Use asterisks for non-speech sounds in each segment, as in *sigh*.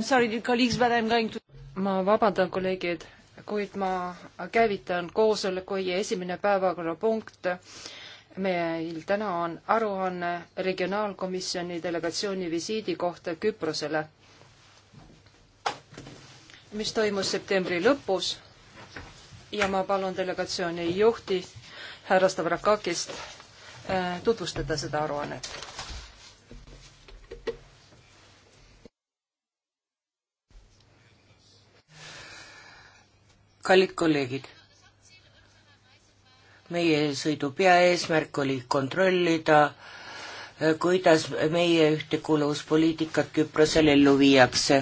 Sorry, to... ma vabandan, kolleegid, kuid ma käivitan koosoleku ja esimene päevakorrapunkt meil täna on aruanne regionaalkomisjoni delegatsiooni visiidi kohta Küprosele, mis toimus septembri lõpus ja ma palun delegatsiooni juhti härra Stavrakakist äh, tutvustada seda aruannet kallid kolleegid, meie sõidu peaeesmärk oli kontrollida, eh, kuidas meie ühtekuuluvuspoliitikat Küprosel ellu viiakse.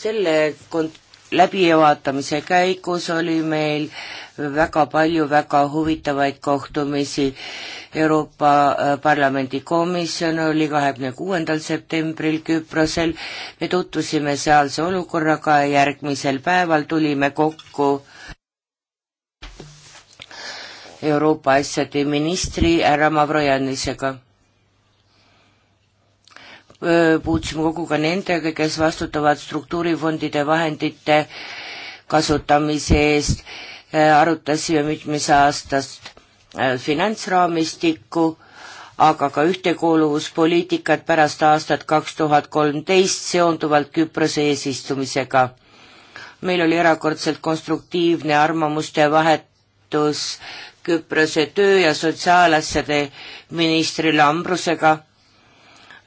selle kont-, läbivaatamise käigus oli meil väga palju väga huvitavaid kohtumisi. Euroopa äh, Parlamendi komisjon oli kahekümne kuuendal septembril Küprosel, me tutvusime sealse olukorraga ja järgmisel päeval tulime kokku Euroopa asjade ministri härra Mavrojanisega puutusime kokku ka nendega, kes vastutavad struktuurifondide vahendite kasutamise eest, arutasime mitmese aastast äh, finantsraamistikku, aga ka ühtekuuluvuspoliitikat pärast aastat kaks tuhat kolmteist seonduvalt Küprose eesistumisega. meil oli erakordselt konstruktiivne arvamuste vahetus Küprose töö- ja sotsiaalasjade ministri Lambrusega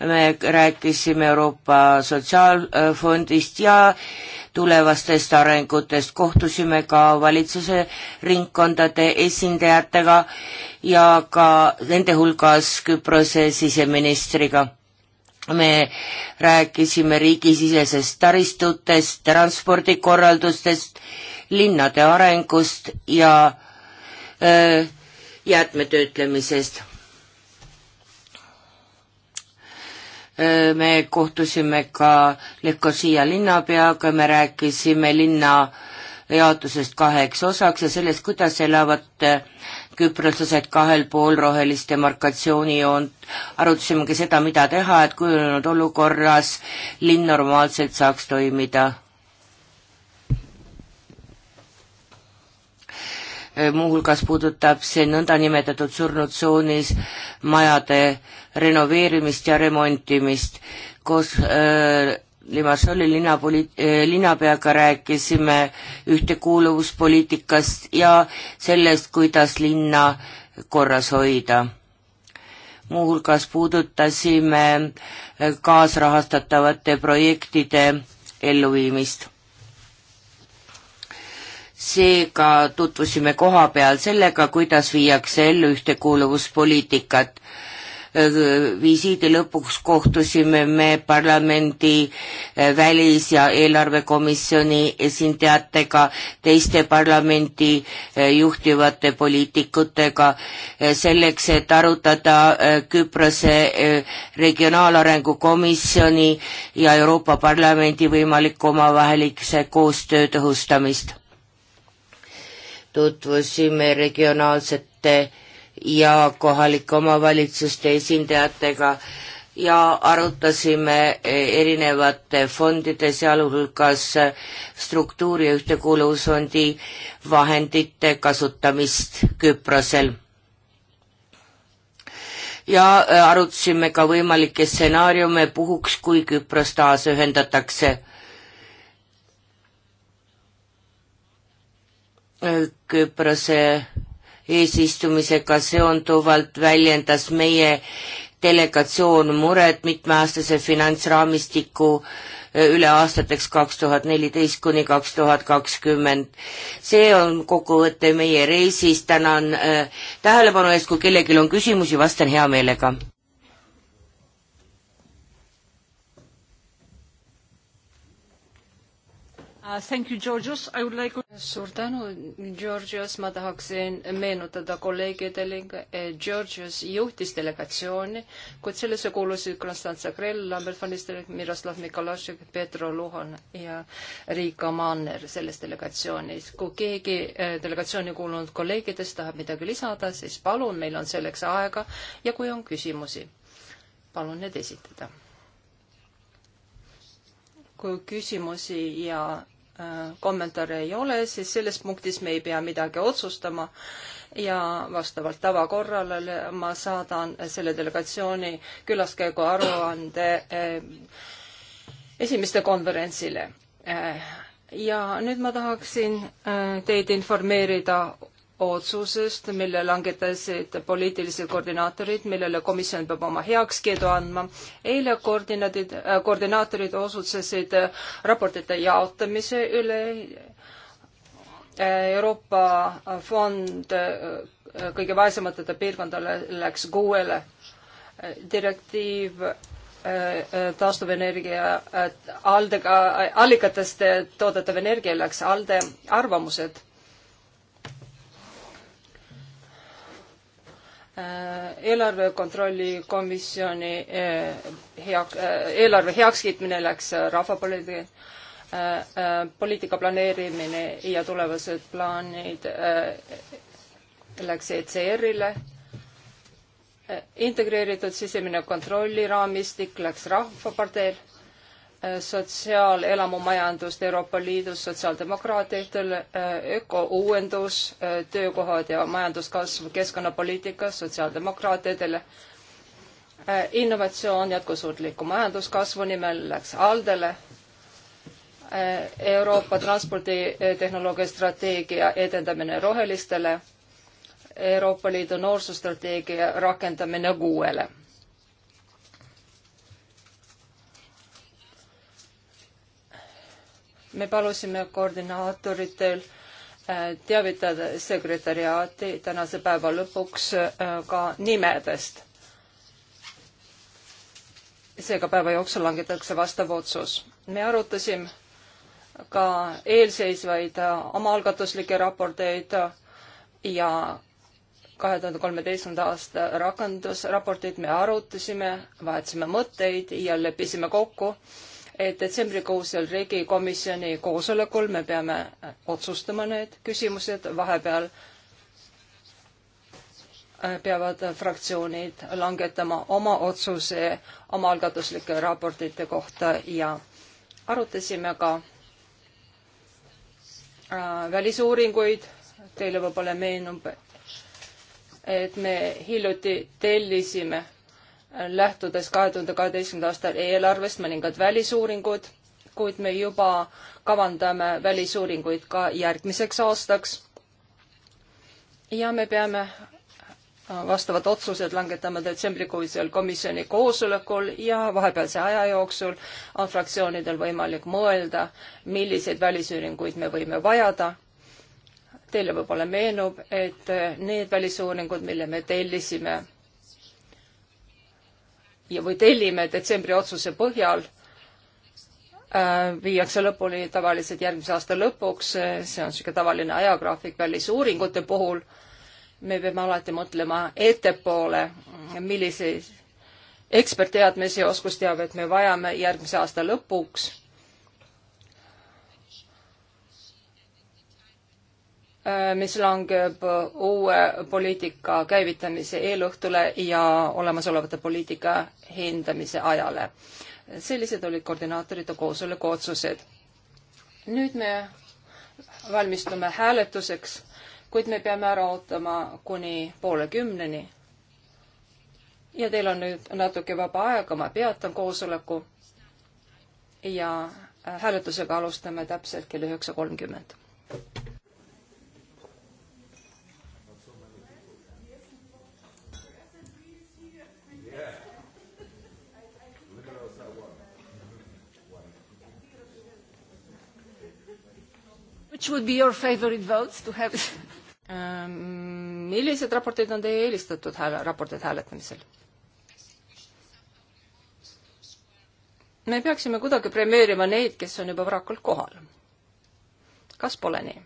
me rääkisime Euroopa Sotsiaalfondist ja tulevastest arengutest, kohtusime ka valitsuse ringkondade esindajatega ja ka nende hulgas Küprose siseministriga. me rääkisime riigisisesest taristutest, transpordikorraldustest, linnade arengust ja öö, äh, jäätmetöötlemisest me kohtusime ka Lekosia linnapeaga, me rääkisime linna jaotusest kaheks osaks ja sellest, kuidas elavad äh, küproslased kahel pool rohelist demarkatsioonijoont. arutasime ka seda, mida teha, et kujunenud olukorras linn normaalselt saaks toimida Äh, muuhulgas puudutab see nõndanimetatud surnud tsoonis majade renoveerimist ja remontimist. koos öö, äh, Limassoli linnapoliit-, äh, linnapeaga rääkisime ühtekuuluvuspoliitikast ja sellest, kuidas linna korras hoida. muuhulgas puudutasime kaasrahastatavate projektide elluviimist seega tutvusime koha peal sellega, kuidas viiakse ellu ühtekuuluvuspoliitikat. Äh, visiidi lõpuks kohtusime me parlamendi äh, välis- ja eelarvekomisjoni esindajatega, teiste parlamendi äh, juhtivate poliitikutega, selleks, et arutada Küprose regionaalarengu komisjoni ja Euroopa Parlamendi võimalikku omavahelise koostöö tõhustamist tutvusime regionaalsete ja kohalike omavalitsuste esindajatega ja arutasime e, erinevate fondide, sealhulgas struktuuri- ja ühtekuuluvusfondi vahendite kasutamist Küprosel. ja e, arutasime ka võimalikke stsenaariume puhuks, kui Küpros taas ühendatakse Küprose eesistumisega seonduvalt väljendas meie delegatsioon muret mitmeaastase finantsraamistiku äh, üle aastateks kaks tuhat neliteist kuni kaks tuhat kakskümmend. see on kokkuvõte meie reisist, tänan äh, tähelepanu eest, kui kellelgi on küsimusi, vastan hea meelega. Uh, thank you, Georgios. I would like... Suur tänu, Georgios. Ma tahaksin meenutada kolleegidele, et eh, Georgios juhtis delegatsiooni, kuid sellesse kuulusid Konstantsa Krell, Lambert van Nistelrooy, Miroslav Mikolašik, Petro Luhon ja Riika Manner selles delegatsioonis. Kui keegi eh, delegatsiooni kuulunud kolleegidest tahab midagi lisada, siis palun, meil on selleks aega ja kui on küsimusi, palun need esitada kui küsimusi ja kommentaare ei ole, siis selles punktis me ei pea midagi otsustama ja vastavalt tavakorrale ma saadan selle delegatsiooni külaskäigu aruande eh, esimeste konverentsile. Eh, ja nüüd ma tahaksin eh, teid informeerida otsusest, mille langetasid poliitilised koordinaatorid, millele komisjon peab oma heakskiidu andma. eile koordinaadid, äh, koordinaatorid osutasid raportite jaotamise üle äh, Euroopa fond äh, kõige vaesematele piirkondadele läks kuuele direktiiv taastuvenergia aldega, allikatest toodetav energia läks ALDE arvamused Äh, eelarve kontrolli komisjoni äh, heak-, äh, eelarve heakskiitmine läks rahvapoliitika poliitika planeerimine ja tulevased plaanid läks ECR-ile. integreeritud sisemine kontrolliraamistik läks Rahvaparteile sotsiaalelamumajandust Euroopa Liidus, sotsiaaldemokraatidel, äh, ökouuendus, äh, töökohad ja majanduskasv keskkonnapoliitikas sotsiaaldemokraatidele, äh, innovatsioon jätkusuutliku majanduskasvu nimel läks ALDE-le, Euroopa transporditehnoloogia strateegia edendamine rohelistele, Euroopa Liidu noorsustrateegia rakendamine kuuele me palusime koordinaatoritel äh, teavitada sekretäriaati tänase päeva lõpuks äh, ka nimedest. seega päeva jooksul langetatakse vastav otsus. me arutasime ka eelseisvaid äh, omaalgatuslikke raporteid ja kahe tuhande kolmeteistkümnenda aasta rakendusraportit me arutasime, vahetasime mõtteid ja leppisime kokku, et detsembrikuusel riigikomisjoni koosolekul me peame otsustama need küsimused, vahepeal äh, peavad fraktsioonid langetama oma otsuse omaalgatuslike raportite kohta ja arutasime ka äh, välisuuringuid. Teile võib-olla meenub, et me hiljuti tellisime lähtudes kahe tuhande kaheteistkümnenda aasta eelarvest mõningad välisuuringud, kuid me juba kavandame välisuuringuid ka järgmiseks aastaks. ja me peame äh, vastavad otsused langetame detsembrikuisel komisjoni koosolekul ja vahepealse aja jooksul on fraktsioonidel võimalik mõelda, milliseid välisuuringuid me võime vajada. Teile võib-olla meenub, et äh, need välisuuringud, mille me tellisime ja, või tellime detsembri otsuse põhjal äh,, viiakse lõpuni tavaliselt järgmise aasta lõpuks, äh, see on niisugune tavaline ajagraafik välisuuringute puhul, me peame alati mõtlema ettepoole, milliseid ekspertteadmisi ja oskusteavet me vajame järgmise aasta lõpuks Äh, mis langeb uue poliitika käivitamise eelõhtule ja olemasolevate poliitika hindamise ajale. sellised olid koordinaatorite koosoleku otsused. nüüd me valmistume hääletuseks, kuid me peame ära ootama kuni poole kümneni. ja teil on nüüd natuke vaba aega, ma peatan koosoleku ja hääletusega alustame täpselt kell üheksa kolmkümmend. Which would be your favorite votes to have ähm, millised raportid on teie eelistatud hääle, raportid hääletamisel? me peaksime kuidagi premeerima neid, kes on juba varakult kohal. kas pole nii?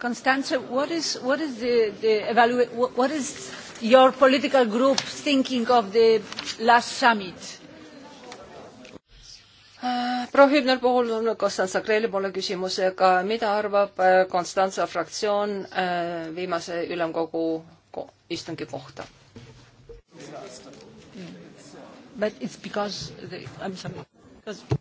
Constanze, what is, what is, the, the evaluate, what is your political group thinking of the last summit? Äh, proua Hübner puhul on Konstantsa Kreeli poole küsimusega, mida arvab Konstantsa äh, fraktsioon äh, viimase ülemkogu istungi kohta? But it's because the, I am sorry because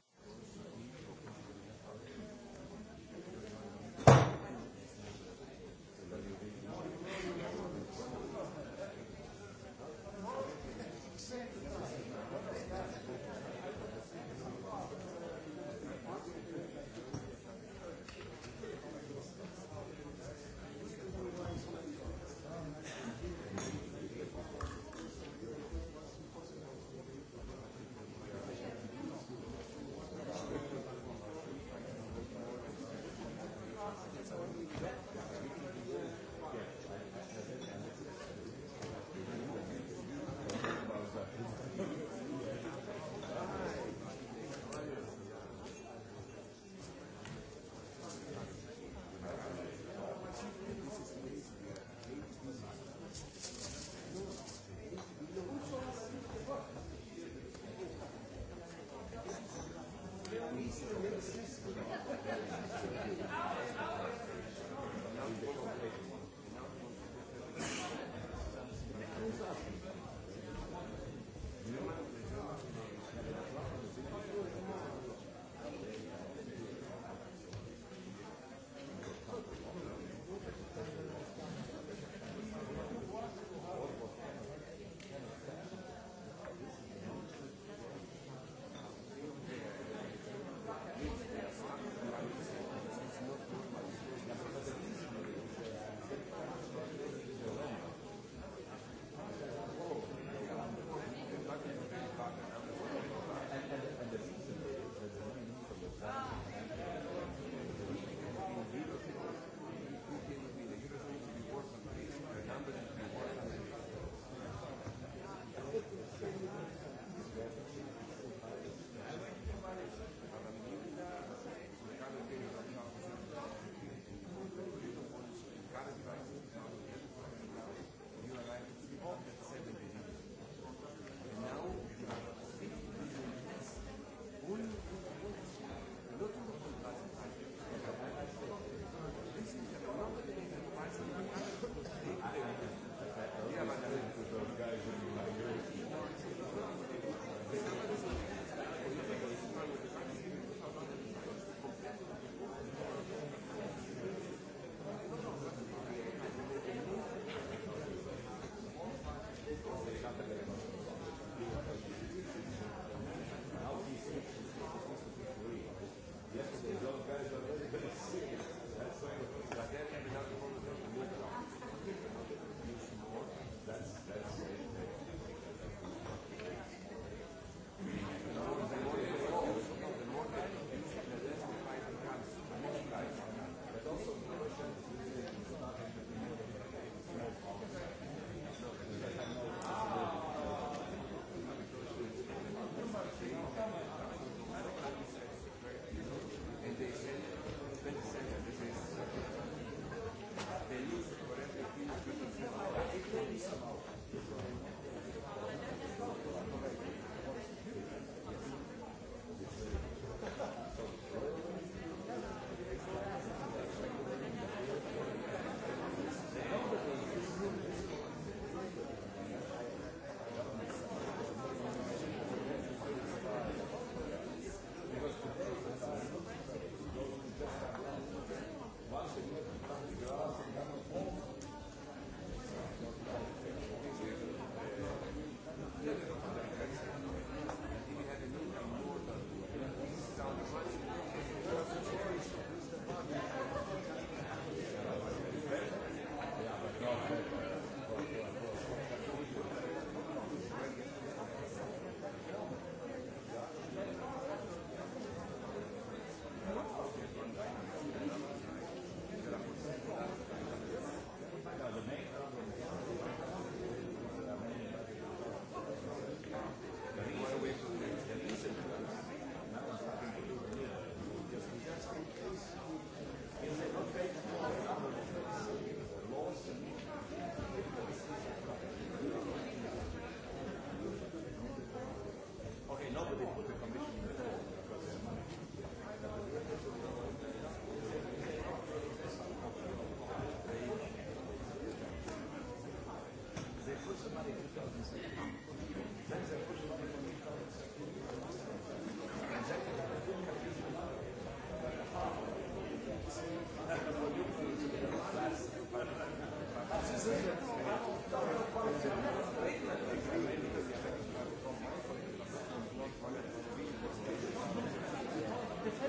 Thank you.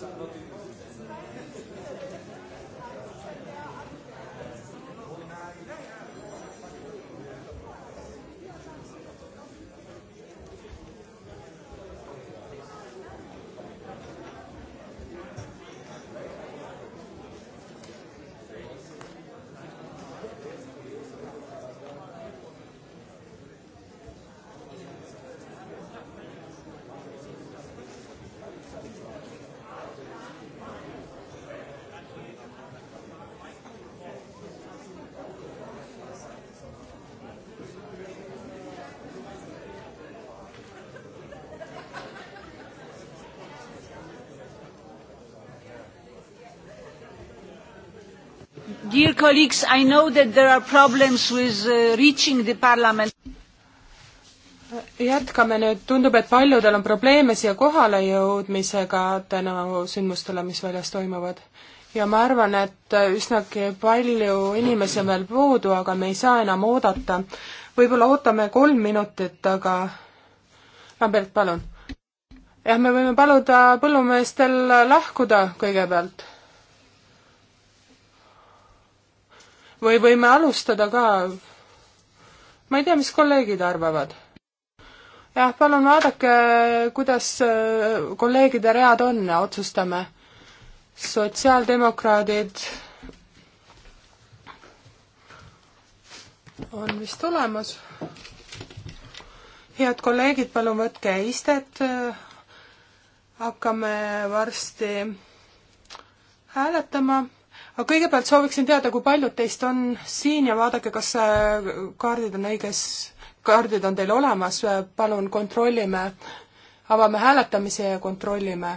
not in Dear colleagues, I know that there are problems with uh, reaching the parliament. jätkame nüüd, tundub, et paljudel on probleeme siia kohale jõudmisega täna sündmustele, mis väljas toimuvad. ja ma arvan, et üsnagi palju inimesi on veel puudu, aga me ei saa enam oodata. võib-olla ootame kolm minutit, aga Lambert, palun jah, me võime paluda põllumeestel lahkuda kõigepealt või võime alustada ka. ma ei tea, mis kolleegid arvavad. jah, palun vaadake, kuidas äh, kolleegide read on, otsustame. sotsiaaldemokraadid on vist olemas. head kolleegid, palun võtke istet. hakkame varsti hääletama aga kõigepealt sooviksin teada, kui paljud teist on siin ja vaadake, kas äh, kaardid on õiges, kaardid on teil olemas, palun kontrollime, avame hääletamise ja kontrollime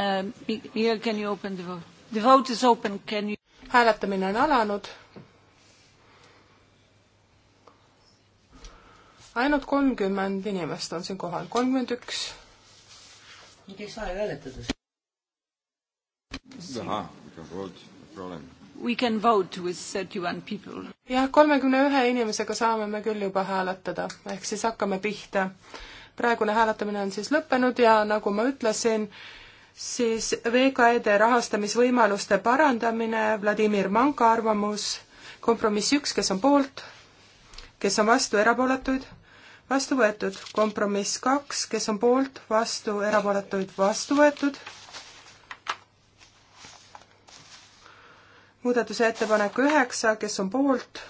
um,. Miguel, can you open the vote? The vote is open, can you? hääletamine on alanud. ainult kolmkümmend inimest on siin kohal, kolmkümmend üks. nüüd ei saa ju hääletada jah, kolmekümne ühe inimesega saame me küll juba hääletada, ehk siis hakkame pihta. praegune hääletamine on siis lõppenud ja nagu ma ütlesin, siis VKE-de rahastamisvõimaluste parandamine, Vladimir Manka arvamus, kompromiss üks, kes on poolt, kes on vastu, erapooletuid, vastu võetud, kompromiss kaks, kes on poolt, vastu, erapooletuid, vastu võetud muudatusettepaneku üheksa, kes on poolt,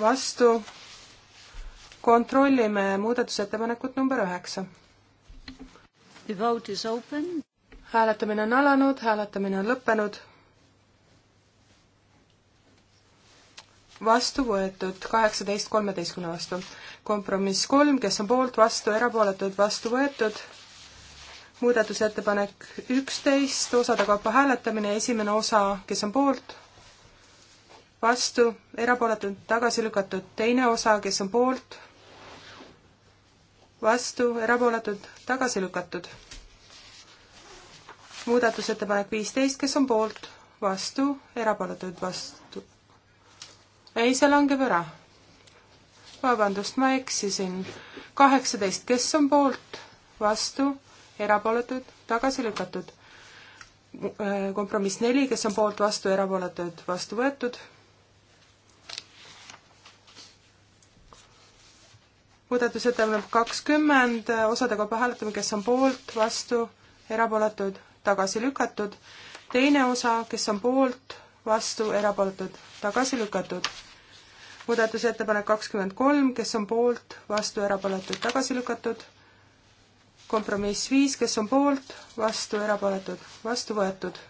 vastu, kontrollime muudatusettepanekut number üheksa. The vote is open. hääletamine on alanud, hääletamine on lõppenud. vastu võetud kaheksateist kolmeteistkümne vastu. kompromiss kolm, kes on poolt, vastu, erapooletud, vastu võetud muudatusettepanek üksteist, osade kaupa hääletamine, esimene osa, kes on poolt, vastu, erapooletult tagasi lükatud, teine osa, kes on poolt, vastu, erapooletult tagasi lükatud. muudatusettepanek viisteist, kes on poolt, vastu, erapooletult vastu. ei, see langeb ära. vabandust, ma eksisin. kaheksateist, kes on poolt, vastu erapooletud, tagasi lükatud. Äh, kompromiss neli, kes on poolt, vastu, erapooletud, vastu võetud. muudatusettepanek kakskümmend, äh, osade kaupa hääletame, kes on poolt, vastu, erapooletud, tagasi lükatud. teine osa, kes on poolt, vastu, erapooletud, tagasi lükatud muudatusettepanek kakskümmend kolm, kes on poolt, vastu, erapooletud, tagasi lükatud kompromiss viis, kes on poolt, vastu, erapooletud, vastu võetud.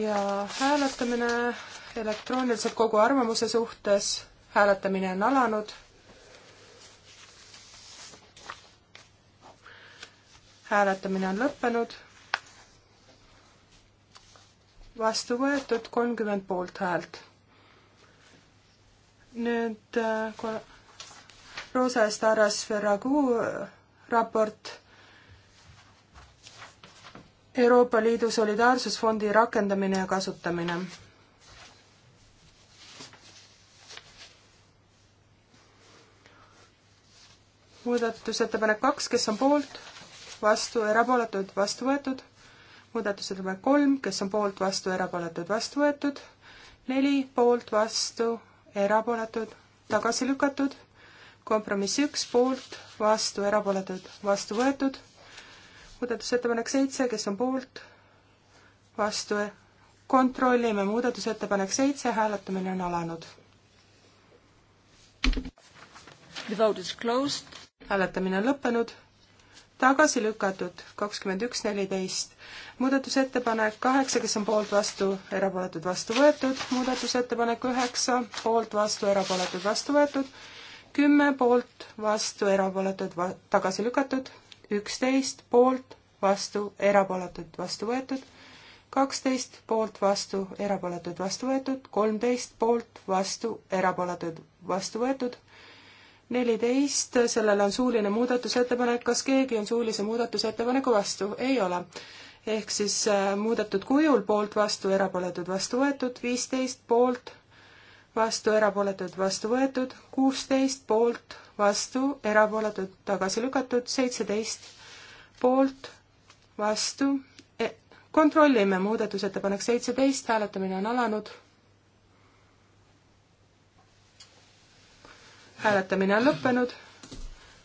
ja hääletamine elektrooniliselt kogu arvamuse suhtes, hääletamine on alanud. hääletamine on lõppenud. vastu võetud kolmkümmend poolthäält. nüüd äh, Rosa Estaras Ferragu äh, raport Euroopa Liidu solidaarsusfondi rakendamine ja kasutamine. muudatusettepanek kaks, kes on poolt, vastu, erapooletud, vastu võetud. muudatusettepanek kolm, kes on poolt, vastu, erapooletud, vastu võetud. neli, poolt, vastu, erapooletud, tagasi lükatud kompromiss üks poolt, vastu, erapooletud, vastu võetud. muudatusettepanek seitse, kes on poolt, vastu, kontrollime muudatusettepanek seitse, hääletamine on alanud. The vote is closed. hääletamine on lõppenud. tagasi lükatud kakskümmend üks, neliteist. muudatusettepanek kaheksa, kes on poolt, vastu, erapooletud, vastu võetud. muudatusettepanek üheksa, poolt, vastu, erapooletud, vastu võetud kümme poolt, vastu, erapooletud, tagasi lükatud, üksteist poolt, vastu, erapooletud, vastu võetud, kaksteist poolt, vastu, erapooletud, vastu võetud, kolmteist poolt, vastu, erapooletud, vastu võetud, neliteist, sellele on suuline muudatusettepanek, kas keegi on suulise muudatusettepaneku vastu? ei ole. ehk siis äh, muudetud kujul poolt, vastu, erapooletud, vastu võetud, viisteist poolt, vastu, erapooletud, vastu võetud, kuusteist poolt, vastu, erapooletud, tagasi lükatud, seitseteist poolt, vastu e, kontrollime muudatusettepanek seitseteist, hääletamine on alanud. hääletamine on lõppenud,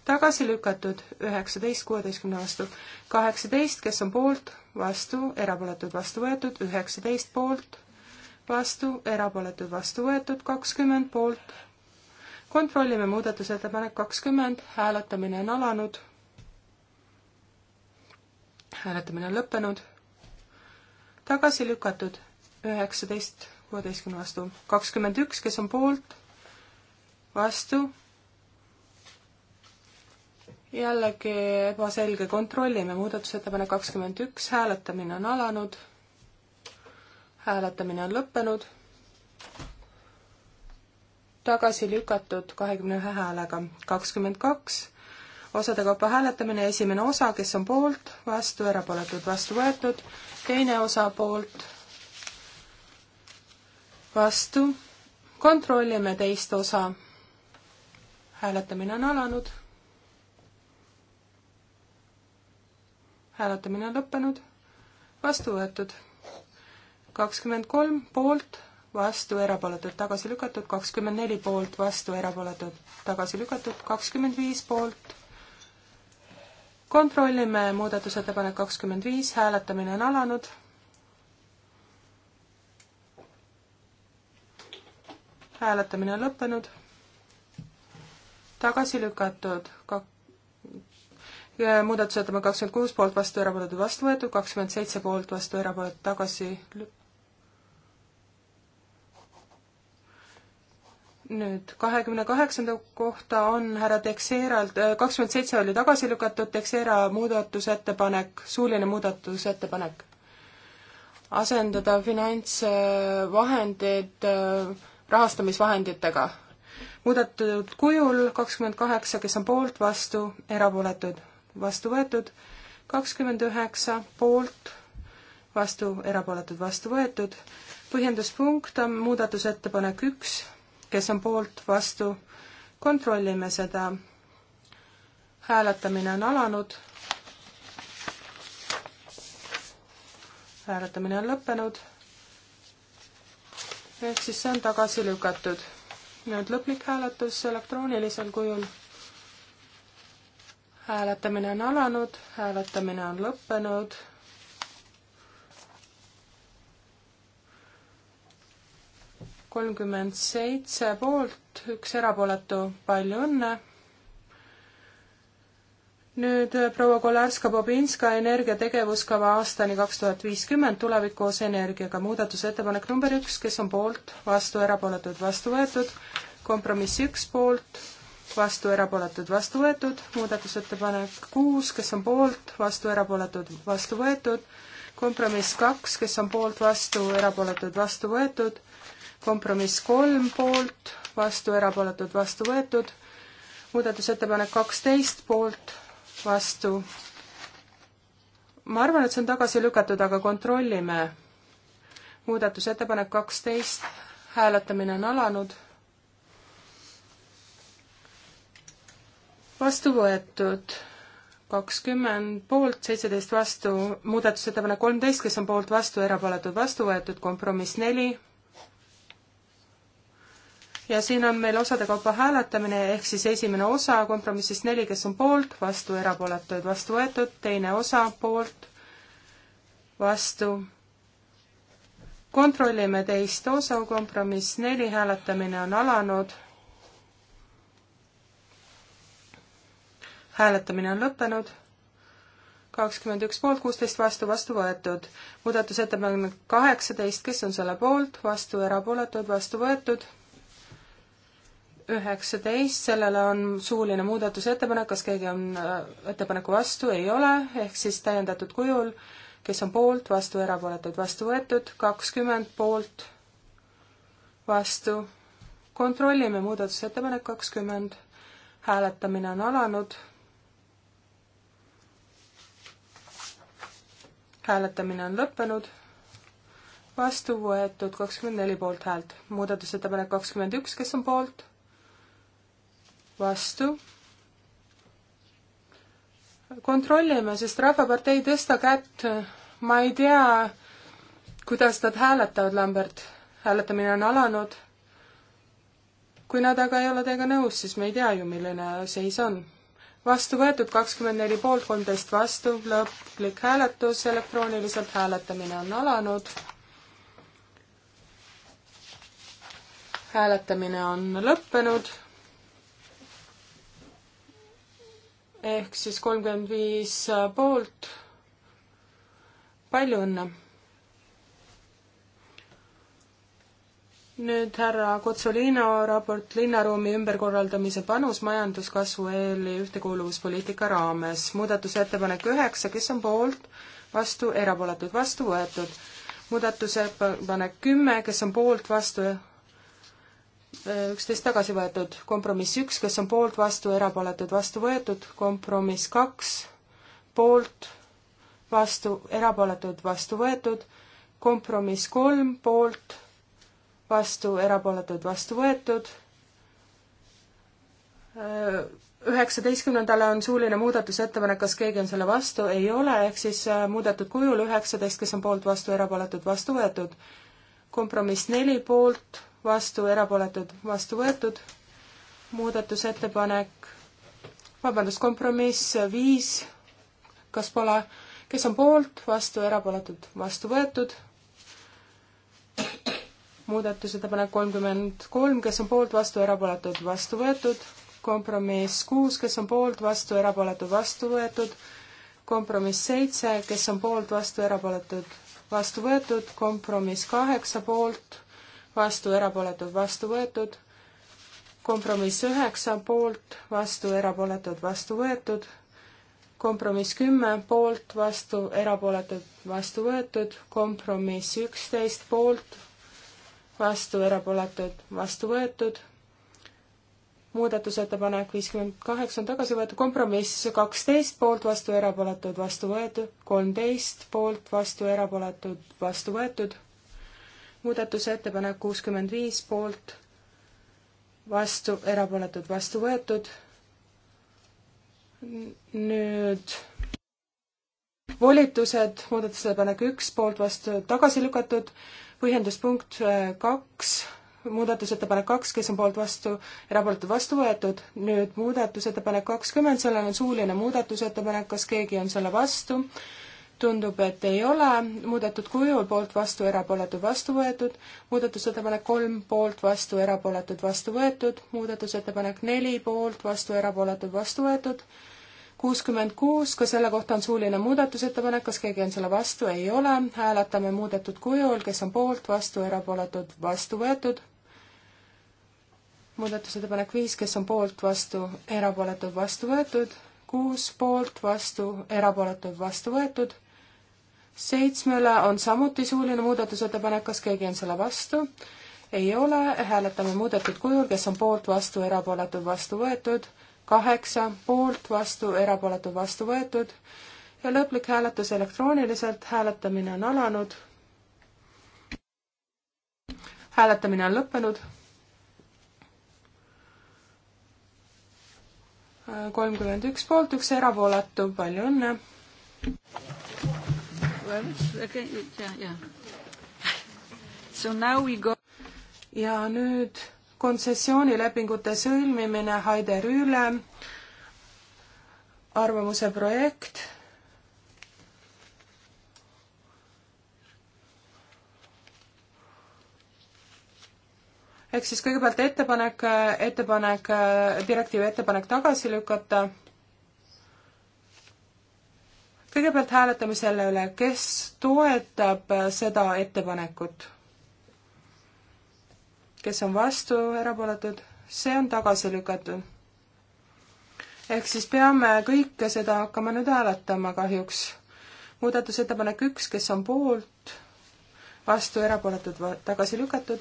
tagasi lükatud üheksateist kuueteistkümne vastu, kaheksateist, kes on poolt, vastu, erapooletud, vastu võetud, üheksateist poolt vastu, erapooletud vastu võetud, kakskümmend poolt. kontrollime muudatusettepanek kakskümmend, hääletamine on alanud. hääletamine on lõppenud. tagasi lükatud üheksateist kuueteistkümne vastu, kakskümmend üks, kes on poolt, vastu. jällegi ebaselge, kontrollime muudatusettepanek kakskümmend üks, hääletamine on alanud hääletamine on lõppenud. tagasi lükatud kahekümne ühe häälega, kakskümmend kaks osade kaupa hääletamine, esimene osa, kes on poolt, vastu, erapooletud, vastu võetud, teine osa poolt, vastu, kontrollime teist osa. hääletamine on alanud. hääletamine on lõppenud, vastu võetud kakskümmend kolm poolt, vastu, erapooletud, tagasi lükatud, kakskümmend neli poolt, vastu, erapooletud, tagasi lükatud, kakskümmend viis poolt. kontrollime muudatusettepanek kakskümmend viis, hääletamine on alanud hääletamine on lõppenud. tagasi lükatud kak-, muudatusettepanek kakskümmend kuus poolt vastu, erapooletud vastu võetud, kakskümmend seitse poolt vastu, erapooletud tagasi lük-, nüüd kahekümne kaheksanda kohta on härra Texeralt, äh, kakskümmend seitse oli tagasi lükatud, Texera muudatusettepanek, suuline muudatusettepanek. asendada finantsvahendid äh, rahastamisvahenditega. muudetud kujul kakskümmend kaheksa, kes on poolt, vastu, erapooletud, vastu võetud, kakskümmend üheksa poolt, vastu, erapooletud, vastu võetud, põhjenduspunkt on muudatusettepanek üks kes on poolt, vastu, kontrollime seda. hääletamine on alanud. hääletamine on lõppenud. ehk siis see on tagasi lükatud. nüüd lõplik hääletus elektroonilisel kujul. hääletamine on alanud, hääletamine on lõppenud kolmkümmend seitse poolt, üks erapooletu, palju õnne. nüüd äh, proua Kolarska-Bobinska energia tegevuskava aastani kaks tuhat viiskümmend tulevik koos energiaga, muudatusettepanek number üks, kes on poolt, vastu, erapooletud, vastu võetud, kompromiss üks poolt, vastu, erapooletud, vastu võetud, muudatusettepanek kuus, kes on poolt, vastu, erapooletud, vastu võetud, kompromiss kaks, kes on poolt, vastu, erapooletud, vastu võetud, kompromiss kolm poolt, vastu erapooletud, vastu võetud. muudatusettepanek kaksteist poolt, vastu. ma arvan, et see on tagasi lükatud, aga kontrollime. muudatusettepanek kaksteist, hääletamine on alanud. vastu võetud kakskümmend poolt, seitseteist vastu, muudatusettepanek kolmteist, kes on poolt vastu, erapooletud vastu võetud, kompromiss neli ja siin on meil osade kaupa hääletamine, ehk siis esimene osa kompromissist neli, kes on poolt, vastu, erapooletuid vastu võetud, teine osa poolt, vastu. kontrollime teist osa, kompromiss neli, hääletamine on alanud. hääletamine on lõppenud kakskümmend üks poolt, kuusteist vastu, vastu võetud. muudatusettepanek kaheksateist, kes on selle poolt, vastu, erapooletud, vastu võetud üheksateist, sellele on suuline muudatusettepanek, kas keegi on äh, ettepaneku vastu, ei ole, ehk siis täiendatud kujul, kes on poolt, vastu, erapooletud, vastu võetud, kakskümmend poolt, vastu, kontrollime muudatusettepanek kakskümmend, hääletamine on alanud, hääletamine on lõppenud vastu võetud kakskümmend neli poolthäält. muudatusettepanek kakskümmend üks, kes on poolt? vastu. kontrollime, sest Rahvapartei ei tõsta kätt. ma ei tea, kuidas nad hääletavad, Lambert. hääletamine on alanud. kui nad aga ei ole teiega nõus, siis me ei tea ju, milline seis on. vastu võetud kakskümmend neli poolt, kolmteist vastu, lõplik hääletus, elektrooniliselt hääletamine on alanud. hääletamine on lõppenud ehk siis kolmkümmend viis äh, poolt. palju õnne! nüüd härra Kotsolino raport linnaruumi ümberkorraldamise panus majanduskasvu EL-i ühtekuuluvuspoliitika raames. muudatusettepanek üheksa, kes on poolt, vastu, erapooletud, vastu võetud. muudatusettepanek kümme, kes on poolt, vastu, üksteist tagasi võetud, kompromiss üks, kes on poolt, vastu, erapooletud, vastu võetud, kompromiss kaks, poolt, vastu, erapooletud, vastu võetud, kompromiss kolm, poolt, vastu, erapooletud, vastu võetud, äh, üheksateistkümnendale on suuline muudatusettepanek, kas keegi on selle vastu, ei ole, ehk siis äh, muudetud kujul üheksateist, kes on poolt, vastu, erapooletud, vastu võetud, kompromiss neli, poolt, vastu, erapooletud, vastu võetud. muudatusettepanek, vabandust, kompromiss viis, kas pole, kes on poolt, vastu, erapooletud, vastu võetud. muudatusettepanek kolmkümmend kolm, kes on poolt, vastu, erapooletud, vastu võetud. kompromiss kuus, kes on poolt, vastu, erapooletud, vastu võetud. kompromiss seitse, kes on poolt, vastu, erapooletud, vastu võetud. kompromiss kaheksa poolt vastu, erapooletud, vastu võetud. kompromiss üheksa, poolt, vastu, erapooletud, vastu võetud. kompromiss kümme, poolt, vastu, erapooletud, vastu võetud. kompromiss üksteist, poolt, vastu, erapooletud, vastu võetud. muudatusettepanek viiskümmend kaheksa on tagasi võetud, kompromiss kaksteist poolt, vastu, erapooletud, vastu võetud, kolmteist poolt, vastu, erapooletud, vastu võetud muudatusettepanek kuuskümmend viis poolt, vastu, erapooletud, vastu võetud. nüüd volitused, muudatusettepanek üks poolt, vastu, tagasi lükatud, põhjenduspunkt äh, kaks, muudatusettepanek kaks, kes on poolt vastu, erapooletud vastu võetud, nüüd muudatusettepanek kakskümmend, sellel on suuline muudatusettepanek, kas keegi on selle vastu? tundub, et ei ole, muudetud kujul poolt vastu, erapooletud vastu võetud, muudatusettepanek kolm poolt vastu, erapooletud vastu võetud, muudatusettepanek neli poolt vastu, erapooletud vastu võetud, kuuskümmend kuus, ka selle kohta on suuline muudatusettepanek, kas keegi on selle vastu, ei ole, hääletame muudetud kujul, kes on poolt, vastu, erapooletud, vastu võetud, muudatusettepanek viis, kes on poolt, vastu, erapooletud, vastu võetud, kuus poolt, vastu, erapooletud, vastu võetud seitsmele on samuti suuline muudatusettepanek, kas keegi on selle vastu? ei ole, hääletame muudetud kujul, kes on poolt, vastu, erapooletud, vastu võetud, kaheksa, poolt, vastu, erapooletud, vastu võetud ja lõplik hääletus elektrooniliselt, hääletamine on alanud. hääletamine on lõppenud. kolmkümmend üks poolt, üks erapooletu, palju õnne! ja nüüd kontsessioonilepingute sõlmimine Haide Rüüle, arvamuse projekt ehk siis kõigepealt ettepanek, ettepanek, direktiivi ettepanek tagasi lükata kõigepealt hääletame selle üle, kes toetab seda ettepanekut. kes on vastu, erapooletud, see on tagasi lükatud. ehk siis peame kõike seda hakkama nüüd hääletama kahjuks. muudatusettepanek üks, kes on poolt, vastu, erapooletud, tagasi lükatud.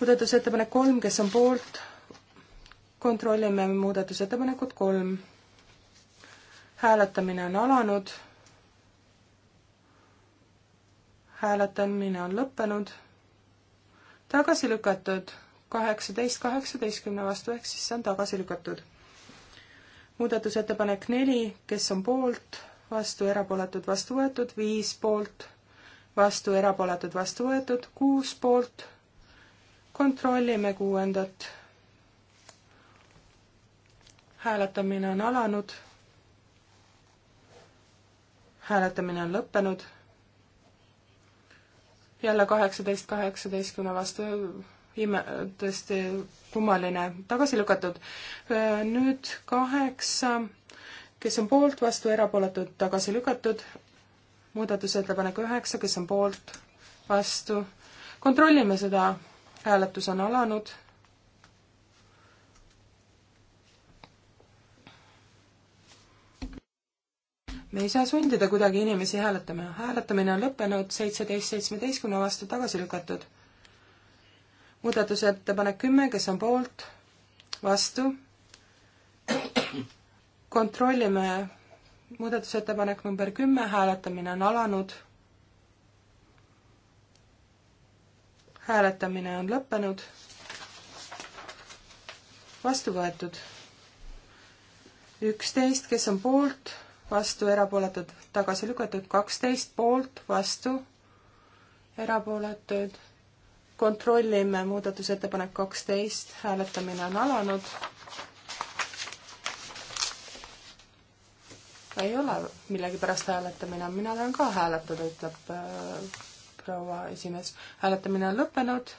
muudatusettepanek kolm, kes on poolt, kontrollime muudatusettepanekut kolm hääletamine on alanud. hääletamine on lõppenud. tagasi lükatud kaheksateist kaheksateistkümne vastu, ehk siis see on tagasi lükatud. muudatusettepanek neli, kes on poolt, vastu, erapooletud, vastu võetud, viis poolt, vastu, erapooletud, vastu võetud, kuus poolt. kontrollime kuuendat. hääletamine on alanud hääletamine on lõppenud. jälle kaheksateist kaheksateistkümne vastu, ime, tõesti kummaline, tagasi lükatud. nüüd kaheksa, kes on poolt, vastu, erapooletud, tagasi lükatud. muudatusettepanek üheksa, kes on poolt, vastu. kontrollime seda, hääletus on alanud me ei saa sundida kuidagi inimesi hääletama. hääletamine on lõppenud, seitseteist seitsmeteistkümne vastu tagasi lükatud. muudatusettepanek kümme, kes on poolt, vastu. kontrollime muudatusettepanek number kümme, hääletamine on alanud. hääletamine on lõppenud. vastu võetud. üksteist, kes on poolt vastu, erapooletud, tagasi lükatud, kaksteist poolt, vastu, erapooletud. kontrollime muudatusettepanek kaksteist, hääletamine on alanud. ei ole millegipärast hääletamine, mina tahan ka hääletada, ütleb äh, proua esimees. hääletamine on lõppenud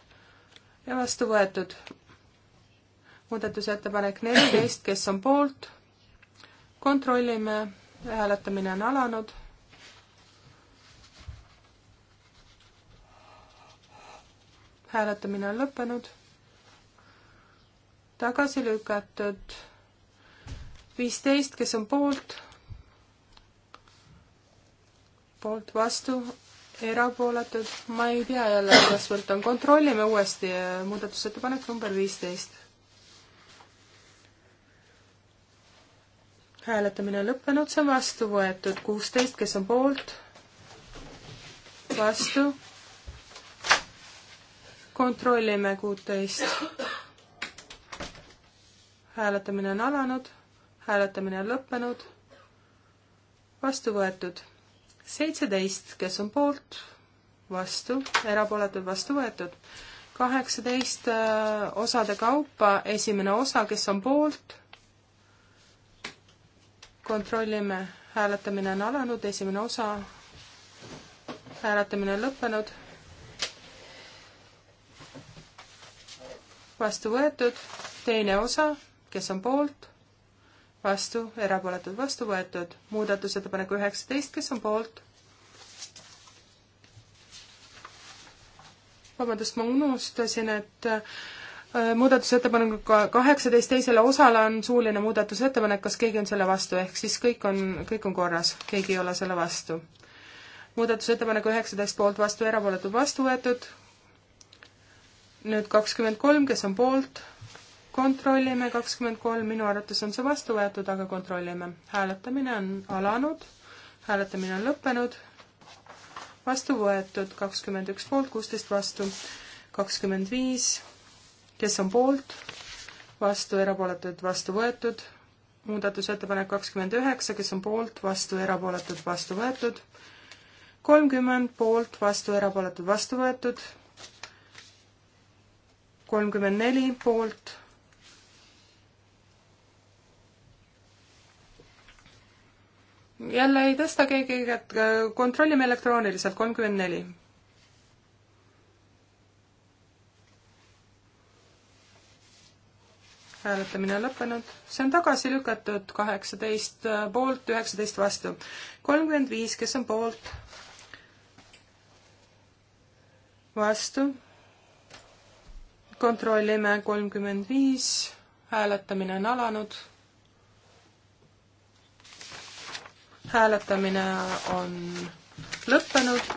ja vastu võetud. muudatusettepanek neliteist, kes on poolt? kontrollime hääletamine on alanud. hääletamine on lõppenud. tagasi lükatud viisteist, kes on poolt, poolt vastu, erapooletud, ma ei tea jälle, kuidas võtta, kontrollime uuesti eh, muudatusettepanek number viisteist hääletamine on lõppenud, see on vastu võetud, kuusteist, kes on poolt, vastu, kontrollime kuuteist. hääletamine on alanud, hääletamine on lõppenud, vastu võetud, seitseteist, kes on poolt, vastu, erapooletud, vastu võetud, kaheksateist äh, osade kaupa, esimene osa, kes on poolt kontrollime, hääletamine on alanud, esimene osa, hääletamine on lõppenud, vastu võetud, teine osa, kes on poolt, vastu, erapooletud, vastu võetud, muudatusettepanek üheksateist, kes on poolt, vabandust, ma unustasin, et Äh, muudatusettepanekuga kaheksateist teisele osale on suuline muudatusettepanek, kas keegi on selle vastu, ehk siis kõik on, kõik on korras, keegi ei ole selle vastu. muudatusettepaneku üheksateist poolt vastu, erapooletud vastu võetud, nüüd kakskümmend kolm, kes on poolt, kontrollime, kakskümmend kolm, minu arvates on see vastu võetud, aga kontrollime. hääletamine on alanud, hääletamine on lõppenud, vastu võetud, kakskümmend üks poolt, kuusteist vastu, kakskümmend viis kes on poolt, vastu, erapooletud, vastu võetud. muudatusettepanek kakskümmend üheksa, kes on poolt, vastu, erapooletud, vastu võetud. kolmkümmend poolt, vastu, erapooletud, vastu võetud. kolmkümmend neli poolt. jälle ei tõsta keegi, kontrollime elektrooniliselt, kolmkümmend neli hääletamine lõppenud, see on tagasi lükatud, kaheksateist äh, poolt, üheksateist vastu. kolmkümmend viis, kes on poolt? vastu. kontrollime, kolmkümmend viis, hääletamine on alanud. hääletamine on lõppenud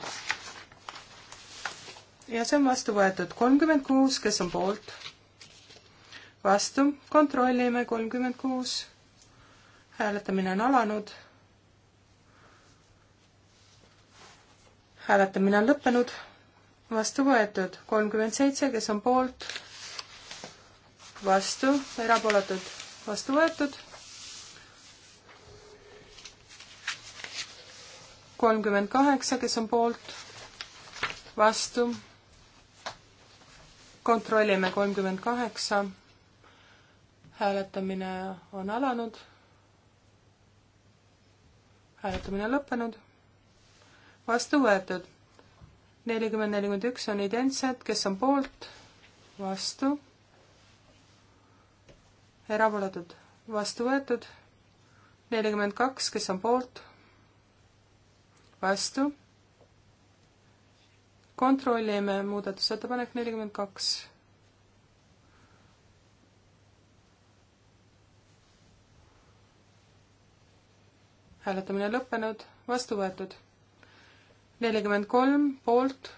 ja see on vastu võetud. kolmkümmend kuus, kes on poolt? vastu, kontrollime, kolmkümmend kuus. hääletamine on alanud. hääletamine on lõppenud, vastu võetud, kolmkümmend seitse, kes on poolt, vastu, erapooletud, vastu võetud. kolmkümmend kaheksa, kes on poolt, vastu, kontrollime kolmkümmend kaheksa hääletamine on alanud. hääletamine on lõppenud. vastu võetud. nelikümmend, nelikümmend üks on identsed, kes on poolt, vastu, erapooletud, vastu võetud. nelikümmend kaks, kes on poolt, vastu. kontrollime muudatusettepanek nelikümmend kaks hääletamine lõppenud, vastu võetud. nelikümmend kolm poolt,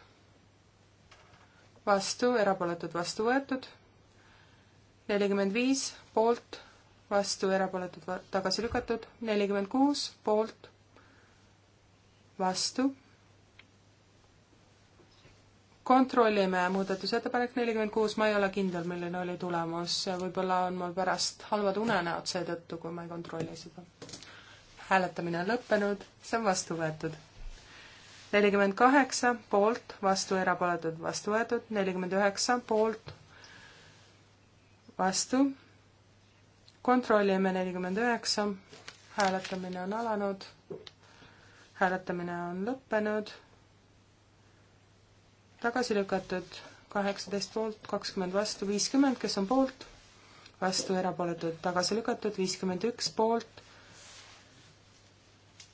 vastu, erapooletud, vastu võetud. nelikümmend viis poolt, vastu, erapooletud, tagasi lükatud. nelikümmend kuus poolt, vastu. kontrollime muudatusettepanek nelikümmend kuus, ma ei ole kindel, milline oli tulemus, võib-olla on mul pärast halvad unenäod seetõttu, kui ma ei kontrolli seda hääletamine on lõppenud, see on vastu võetud. nelikümmend kaheksa poolt, vastu, erapooletud, vastu võetud, nelikümmend üheksa poolt, vastu. kontrollime nelikümmend üheksa, hääletamine on alanud, hääletamine on lõppenud, tagasi lükatud kaheksateist poolt, kakskümmend vastu, viiskümmend, kes on poolt, vastu erapooletud, tagasi lükatud, viiskümmend üks poolt,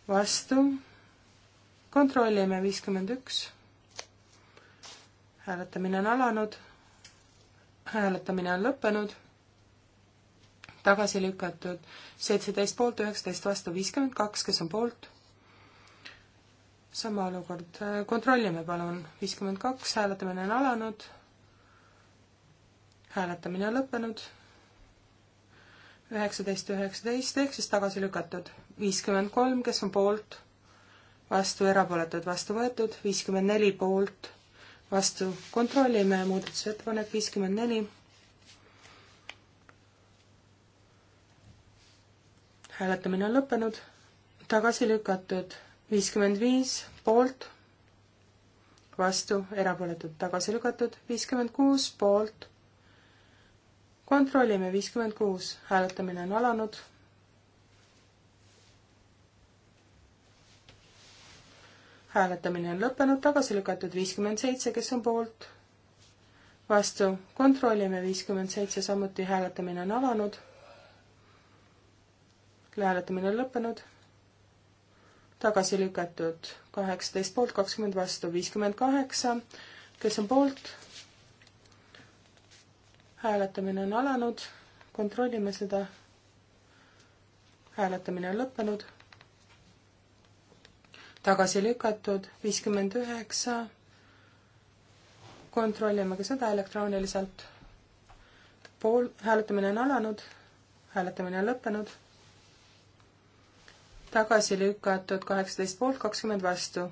vastu. kontrollime viiskümmend üks. hääletamine on alanud. hääletamine on lõppenud. tagasi lükatud seitseteist poolt, üheksateist vastu, viiskümmend kaks, kes on poolt. sama olukord, kontrollime palun, viiskümmend kaks, hääletamine on alanud. hääletamine on lõppenud üheksateist, üheksateist ehk siis tagasi lükatud viiskümmend kolm, kes on poolt, vastu, erapooletud, vastu võetud, viiskümmend neli poolt, vastu, kontrollime muudatusettepanek viiskümmend neli. hääletamine on lõppenud, tagasi lükatud, viiskümmend viis poolt, vastu, erapooletud, tagasi lükatud, viiskümmend kuus poolt, kontrollime viiskümmend kuus, hääletamine on alanud hääletamine on lõppenud, tagasi lükatud viiskümmend seitse, kes on poolt, vastu, kontrollime viiskümmend seitse, samuti hääletamine on avanud. hääletamine on lõppenud, tagasi lükatud kaheksateist poolt, kakskümmend vastu, viiskümmend kaheksa, kes on poolt, hääletamine on alanud, kontrollime seda, hääletamine on lõppenud tagasi lükatud, viiskümmend üheksa. kontrollime ka seda elektrooniliselt. pool, hääletamine on alanud, hääletamine on lõppenud. tagasi lükatud kaheksateist poolt, kakskümmend vastu.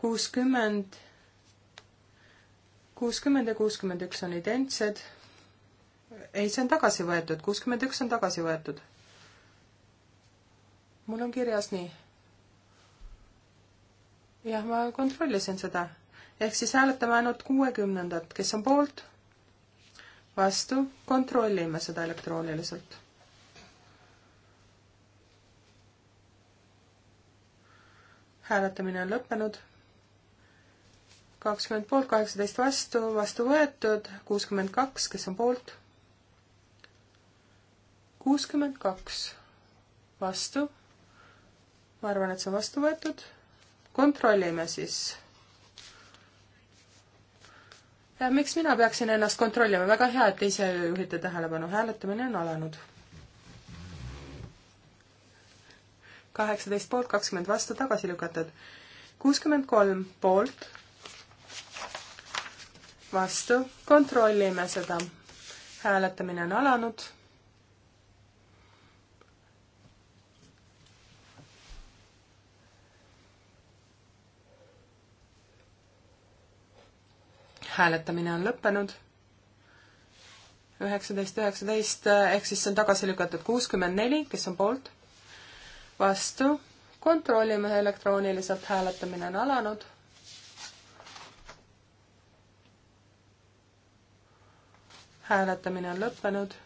kuuskümmend, kuuskümmend ja kuuskümmend üks on identsed. ei, see on tagasi võetud, kuuskümmend üks on tagasi võetud. mul on kirjas nii jah, ma kontrollisin seda. ehk siis hääletame ainult kuuekümnendat, kes on poolt, vastu, kontrollime seda elektrooniliselt. hääletamine on lõppenud. kakskümmend poolt, kaheksateist vastu, vastu võetud, kuuskümmend kaks, kes on poolt? kuuskümmend kaks vastu. ma arvan, et see on vastu võetud kontrollime siis. miks mina peaksin ennast kontrollima, väga hea, et te ise juhite tähelepanu, hääletamine on alanud. kaheksateist poolt, kakskümmend vastu, tagasi lükatud. kuuskümmend kolm poolt, vastu, kontrollime seda. hääletamine on alanud hääletamine on lõppenud. üheksateist, üheksateist, ehk siis see on tagasi lükatud kuuskümmend neli, kes on poolt, vastu, kontrollime elektrooniliselt, hääletamine on alanud. hääletamine on lõppenud.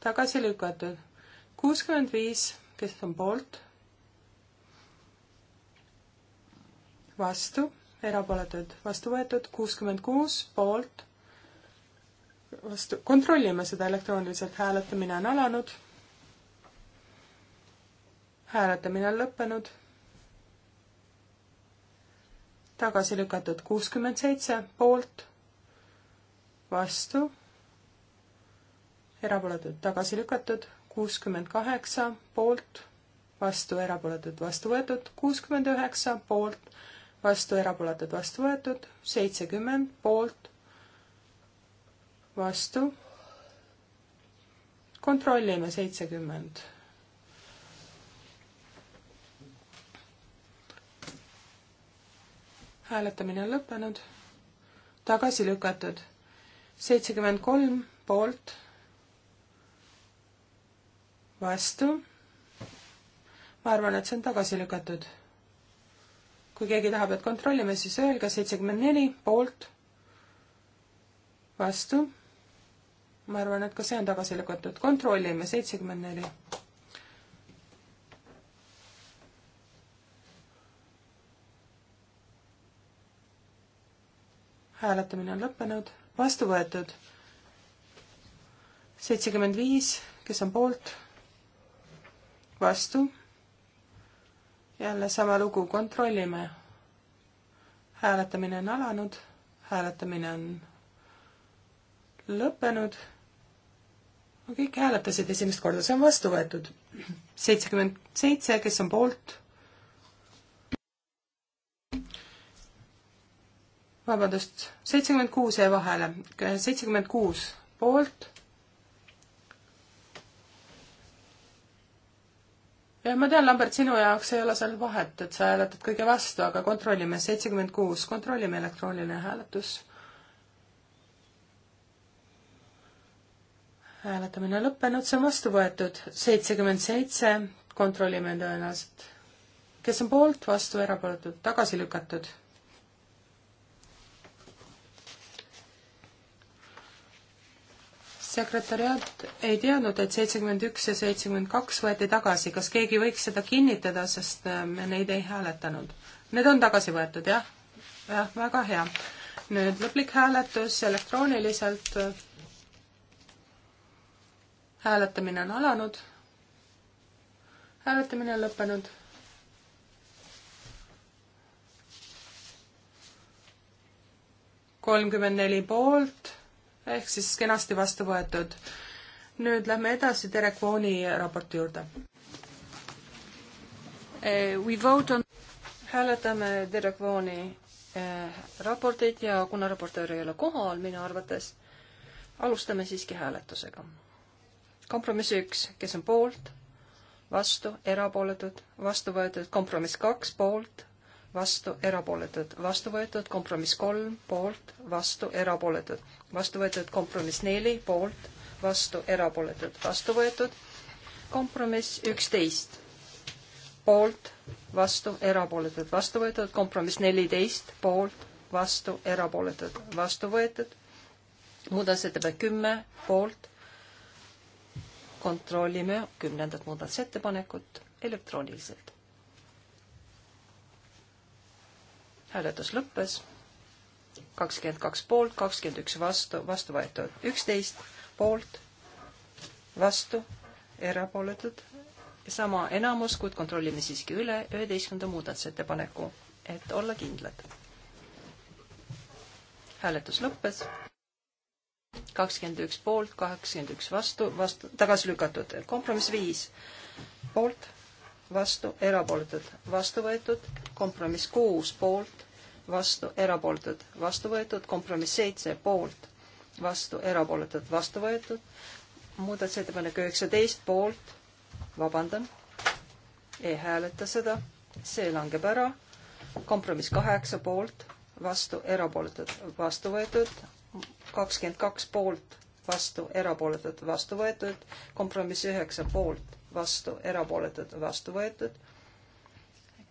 tagasi lükatud kuuskümmend viis, kes on poolt, vastu erapooletud, vastu võetud kuuskümmend kuus poolt, vastu, kontrollime seda elektrooniliselt, hääletamine on alanud, hääletamine on lõppenud, tagasi lükatud kuuskümmend seitse poolt, vastu, erapooletud, tagasi lükatud, kuuskümmend kaheksa poolt, vastu, erapooletud, vastu võetud, kuuskümmend üheksa poolt, vastu, erapooletud, vastu võetud, seitsekümmend poolt, vastu. kontrollime seitsekümmend. hääletamine on lõppenud, tagasi lükatud, seitsekümmend kolm poolt, vastu. ma arvan, et see on tagasi lükatud kui keegi tahab, et kontrollime, siis öelge seitsekümmend neli poolt, vastu. ma arvan, et ka see on tagasi lükatud, kontrollime seitsekümmend neli. hääletamine on lõppenud, vastu võetud. seitsekümmend viis, kes on poolt, vastu jälle sama lugu, kontrollime. hääletamine on alanud, hääletamine on lõppenud. no kõik hääletasid esimest korda, see on vastu võetud. *clears throat* seitsekümmend seitse, kes on poolt? vabandust, seitsekümmend kuus jäi vahele, seitsekümmend kuus poolt ma tean, Lambert, sinu jaoks ei ole seal vahet, et sa hääletad kõige vastu, aga kontrollime, seitsekümmend kuus, kontrollime elektrooniline hääletus. hääletamine lõppenud, see on vastu võetud, seitsekümmend seitse, kontrollime tõenäoliselt. kes on poolt, vastu, erapooletud, tagasi lükatud sekretäriaat ei teadnud, et seitsekümmend üks ja seitsekümmend kaks võeti tagasi, kas keegi võiks seda kinnitada, sest äh, me neid ei hääletanud? Need on tagasi võetud, jah? jah, väga hea. nüüd lõplik hääletus elektrooniliselt. hääletamine on alanud. hääletamine on lõppenud. kolmkümmend neli poolt ehk siis kenasti vastu võetud. nüüd lähme edasi Derek Vooni raporti juurde eh,. We vote on hääletame Derek Vooni eh, raportit ja kuna raportöör ei ole kohal minu arvates, alustame siiski hääletusega. kompromiss üks, kes on poolt, vastu, erapooletud, vastu võetud, kompromiss kaks, poolt, vastu, erapooletud, vastu võetud, kompromiss kolm, poolt, vastu, erapooletud vastu võetud, kompromiss neli poolt, vastu erapooletud, vastu võetud, kompromiss üksteist poolt, vastu erapooletud, vastu võetud, kompromiss neliteist poolt, vastu erapooletud, vastu võetud, muudatusettepanek kümme poolt, kontrollime kümnendat muudatusettepanekut elektrooniliselt. hääletus lõppes kakskümmend kaks poolt, kakskümmend üks vastu, vastu võetud üksteist poolt, vastu, erapooletud. sama enamus, kuid kontrollime siiski üle üheteistkümnenda muudatusettepaneku, et olla kindlad. hääletus lõppes. kakskümmend üks poolt, kaheksakümmend üks vastu, vastu, tagasi lükatud. kompromiss viis poolt, vastu, erapooletud, vastu võetud. kompromiss kuus poolt vastu, erapooletud, vastu võetud, kompromiss seitse poolt, vastu, erapooletud, vastu võetud, muudatusettepanek üheksateist poolt, vabandan, ei hääleta seda, see langeb ära, kompromiss kaheksa poolt, vastu, erapooletud, vastu võetud, kakskümmend kaks poolt, vastu, erapooletud, vastu võetud, kompromiss üheksa poolt, vastu, erapooletud, vastu võetud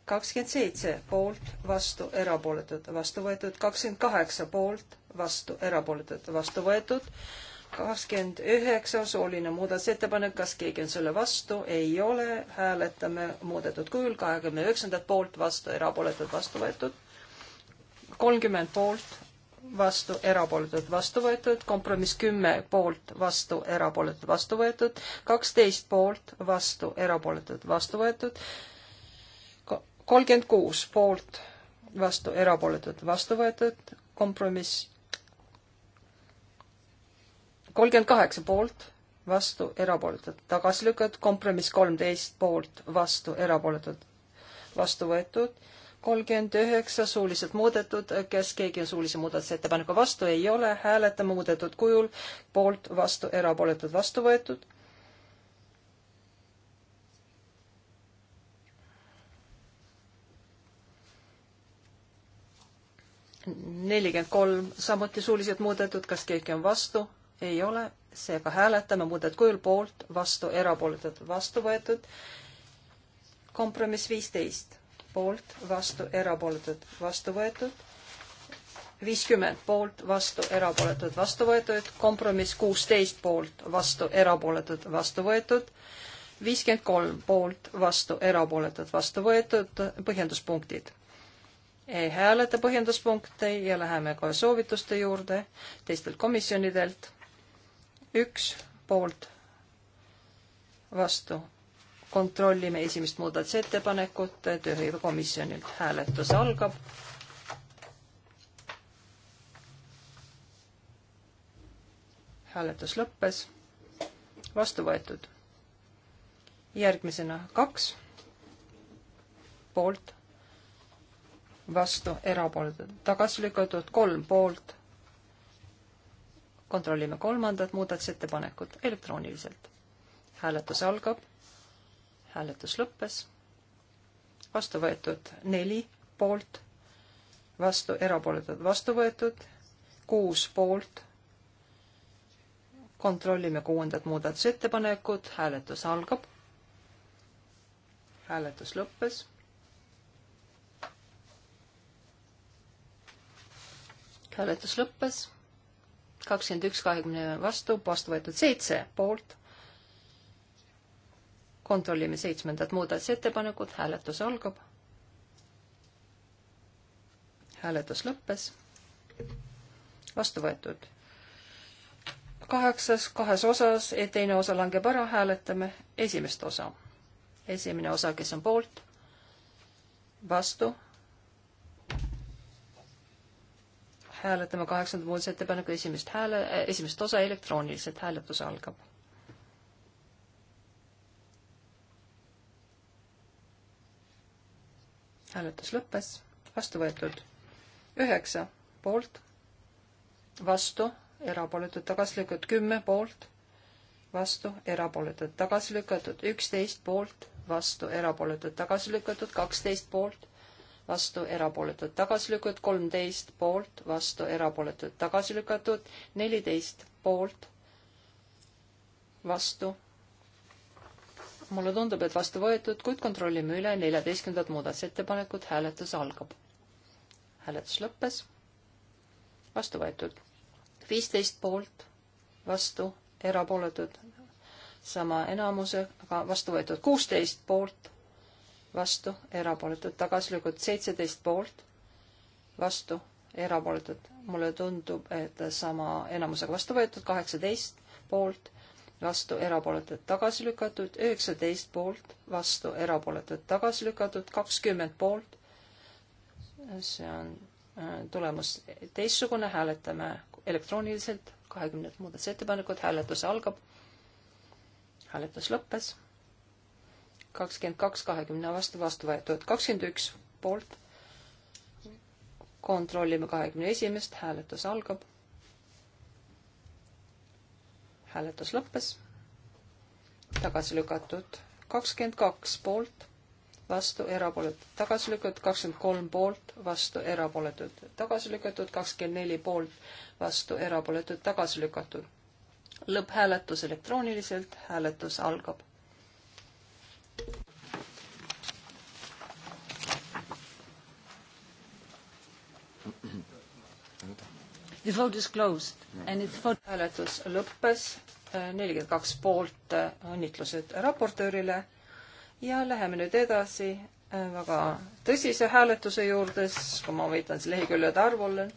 kakskümmend seitse poolt, vastu, erapooletud, vastu võetud, kakskümmend kaheksa poolt, vastu, erapooletud, vastu võetud, kakskümmend üheksa sooline muudatusettepanek, kas keegi on selle vastu, ei ole, hääletame muudetud kujul, kahekümne üheksandat poolt, vastu, erapooletud, vastu võetud, kolmkümmend poolt, vastu, erapooletud, vastu võetud, kompromiss kümme poolt, vastu, erapooletud, vastu võetud, kaksteist poolt, vastu, erapooletud, vastu võetud, kolmkümmend kuus poolt, vastu, erapooletud, vastu võetud, kompromiss. kolmkümmend kaheksa poolt, vastu, erapooletud, tagasi lükatud, kompromiss kolmteist poolt, vastu, erapooletud, vastu võetud, kolmkümmend üheksa suuliselt muudetud, kes keegi on suulise muudatusettepaneku vastu, ei ole, hääletame muudetud kujul, poolt, vastu, erapooletud, vastu võetud nelikümmend kolm samuti suuliselt muudetud, kas keegi on vastu? ei ole, seega hääletame muudetud kujul poolt, vastu, erapooletud, vastu võetud. kompromiss viisteist, poolt, vastu, erapooletud, vastu võetud. viiskümmend poolt, vastu, erapooletud, vastu võetud. kompromiss kuusteist poolt, vastu, erapooletud, vastu võetud viiskümmend kolm poolt, vastu, erapooletud, vastu võetud, põhjenduspunktid ei hääleta põhjenduspunkte ja läheme kohe soovituste juurde teistelt komisjonidelt. üks poolt, vastu. kontrollime esimest muudatusettepanekut tööhõivekomisjonilt. hääletus algab. hääletus lõppes. vastu võetud. järgmisena kaks poolt vastu, erapooletud, tagasi lükatud, kolm poolt. kontrollime kolmandat muudatusettepanekut elektrooniliselt. hääletus algab, hääletus lõppes, vastu võetud neli poolt, vastu, erapooletud, vastu võetud, kuus poolt, kontrollime kuuendat muudatusettepanekut, hääletus algab, hääletus lõppes hääletus lõppes. kakskümmend üks, kahekümne vastu, vastu võetud seitse poolt. kontrollime seitsmendat muudatusettepanekut, hääletus algab. hääletus lõppes. vastu võetud kaheksas kahes osas, teine osa langeb ära, hääletame esimest osa. esimene osa, kes on poolt, vastu hääletame kaheksanda muudatusettepaneku esimest hääle, äh, esimest osa elektrooniliselt, hääletus algab. hääletus lõppes, vastu võetud üheksa poolt, vastu, erapooletud tagasi lükatud kümme poolt, vastu, erapooletud tagasi lükatud üksteist poolt, vastu, erapooletud tagasi lükatud kaksteist poolt vastu erapooletud tagasi lükatud, kolmteist poolt, vastu erapooletud tagasi lükatud, neliteist poolt, vastu. mulle tundub, et vastu võetud, kuid kontrollime üle, neljateistkümnendat muudatusettepanekut, hääletus algab. hääletus lõppes, vastu võetud, viisteist poolt, vastu, erapooletud, sama enamusega vastu võetud, kuusteist poolt vastu, erapooletud, tagasi lükatud seitseteist poolt, vastu, erapooletud. mulle tundub, et sama enamusega vastu võetud, kaheksateist poolt, vastu, erapooletud, tagasi lükatud, üheksateist poolt, vastu, erapooletud, tagasi lükatud, kakskümmend poolt. see on äh, tulemus teistsugune, hääletame elektrooniliselt, kahekümnendat muudatusettepanekut, hääletus algab. hääletus lõppes kakskümmend kaks kahekümne vastu vastu võetud, kakskümmend üks poolt. kontrollime kahekümne esimest, hääletus algab. hääletus lõppes. tagasi lükatud kakskümmend kaks poolt, vastu erapooletud, tagasi lükatud kakskümmend kolm poolt, vastu erapooletud, tagasi lükatud kakskümmend neli poolt, vastu erapooletud, tagasi lükatud. lõpphääletus elektrooniliselt, hääletus algab. The vote is closed and it's for... hääletus lõppes nelikümmend kaks poolt, äh, õnnitlused raportöörile ja läheme nüüd edasi äh, väga tõsise hääletuse juurde, siis kui ma võitan siis leheküljede arvule.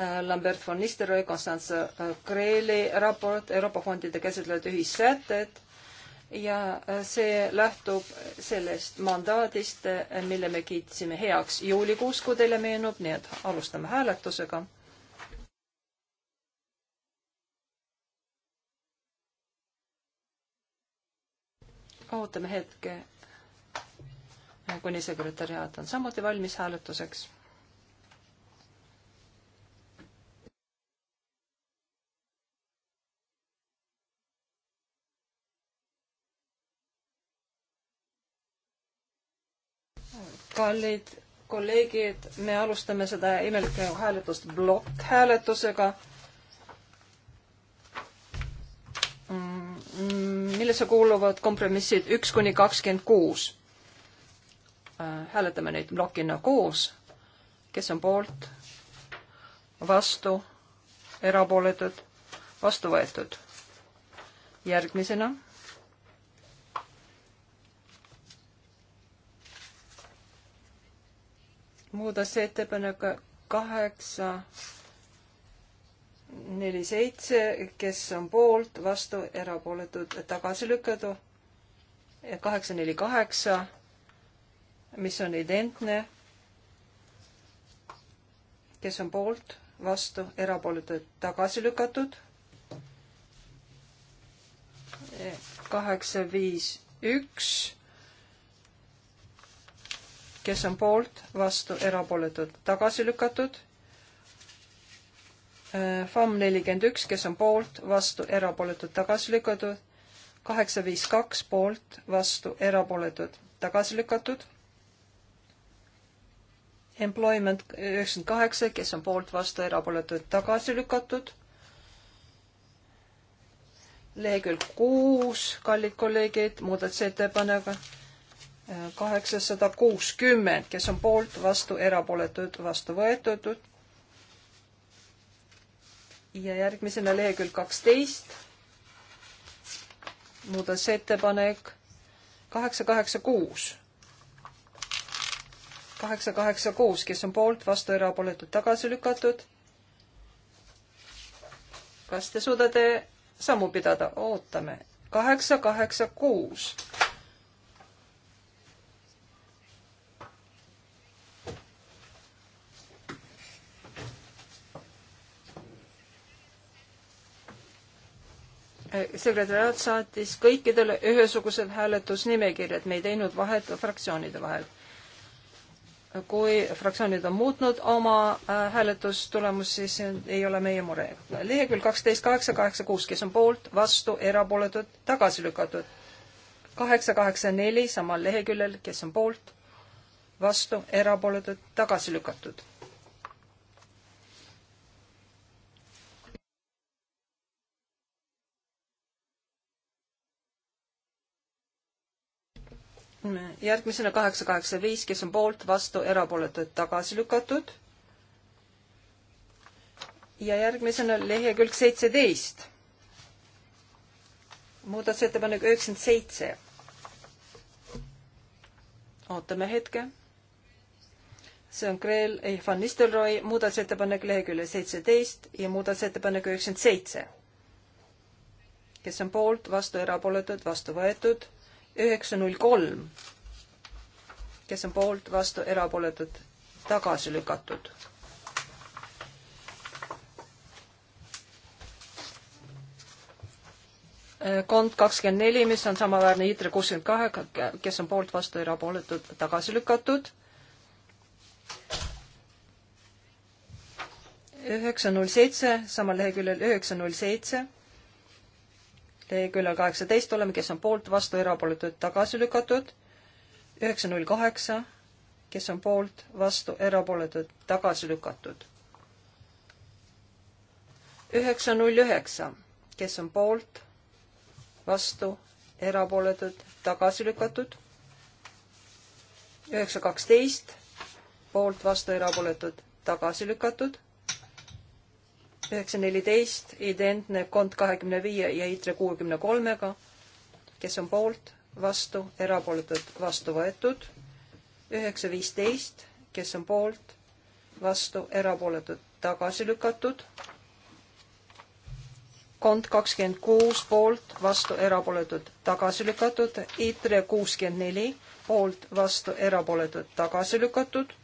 Äh, Lambert von Nisteroi, Konstantse Kreeli raport Euroopa fondide käsitlevad ühissätted ja äh, see lähtub sellest mandaadist, äh, mille me kiitsime heaks juulikuus, kui teile meenub, nii et alustame hääletusega. ootame hetke, kuni sekretäriaat on samuti valmis hääletuseks kallid kolleegid, me alustame seda imelikku hääletust blokkhääletusega, mm, millesse kuuluvad kompromissid üks kuni kakskümmend kuus. Äh, hääletame neid blokina koos, kes on poolt, vastu, erapooletud, vastu võetud. järgmisena muudatusettepanek kaheksa, neli, seitse, kes on poolt, vastu, erapooletud, tagasi lükatud. kaheksa, neli, kaheksa, mis on identne. kes on poolt, vastu, erapooletud, tagasi lükatud. kaheksa, viis, üks kes on poolt, vastu, erapooletud, tagasi lükatud. Äh, FAM nelikümmend üks, kes on poolt, vastu, erapooletud, tagasi lükatud. kaheksa, viis, kaks poolt, vastu, erapooletud, tagasi lükatud. Employment üheksakümmend kaheksa, kes on poolt, vastu, erapooletud, tagasi lükatud lehekülg kuus, kallid kolleegid, muudatusettepanekuga kaheksasada kuuskümmend, kes on poolt, vastu, erapooletud, vastu võetud. ja järgmisena lehekülg kaksteist. muudatusettepanek kaheksa, kaheksa, kuus. kaheksa, kaheksa, kuus, kes on poolt, vastu, erapooletud, tagasi lükatud. kas te suudate sammu pidada? ootame. kaheksa, kaheksa, kuus sekretäriaat saatis kõikidele ühesugused hääletusnimekirjad, me ei teinud vahet fraktsioonide vahel. kui fraktsioonid on muutnud oma äh, hääletustulemust, siis ei ole meie mure. lehekülg kaksteist, kaheksa, kaheksa, kuus, kes on poolt, vastu, erapooletud, tagasi lükatud. kaheksa, kaheksa, neli samal leheküljel, kes on poolt, vastu, erapooletud, tagasi lükatud järgmisena kaheksa, kaheksa, viis, kes on poolt, vastu, erapooletud, tagasi lükatud. ja järgmisena lehekülg seitseteist. muudatusettepanek üheksakümmend seitse. ootame hetke. see on Kreel ehk Van Nistelrooy muudatusettepanek lehekülje seitseteist ja muudatusettepanek üheksakümmend seitse. kes on poolt, vastu, erapooletud, vastu võetud üheksa null kolm, kes on poolt, vastu, erapooletud, tagasi lükatud. kond kakskümmend neli, mis on samaväärne ITRE kuuskümmend kahe, kes on poolt, vastu, erapooletud, tagasi lükatud üheksa null seitse, samal leheküljel üheksa null seitse leheküljel kaheksateist oleme, kes on poolt, vastu, erapooletud, tagasi lükatud. üheksa, null kaheksa, kes on poolt, vastu, erapooletud, tagasi lükatud. üheksa, null üheksa, kes on poolt, vastu, erapooletud, tagasi lükatud. üheksa, kaksteist, poolt, vastu, erapooletud, tagasi lükatud üheksa neliteist, identne kond kahekümne viie ja ITRE kuuekümne kolmega, kes on poolt, vastu, erapooletud, vastu võetud, üheksa viisteist, kes on poolt, vastu, erapooletud, tagasi lükatud, kond kakskümmend kuus poolt, vastu, erapooletud, tagasi lükatud, ITRE kuuskümmend neli poolt, vastu, erapooletud, tagasi lükatud,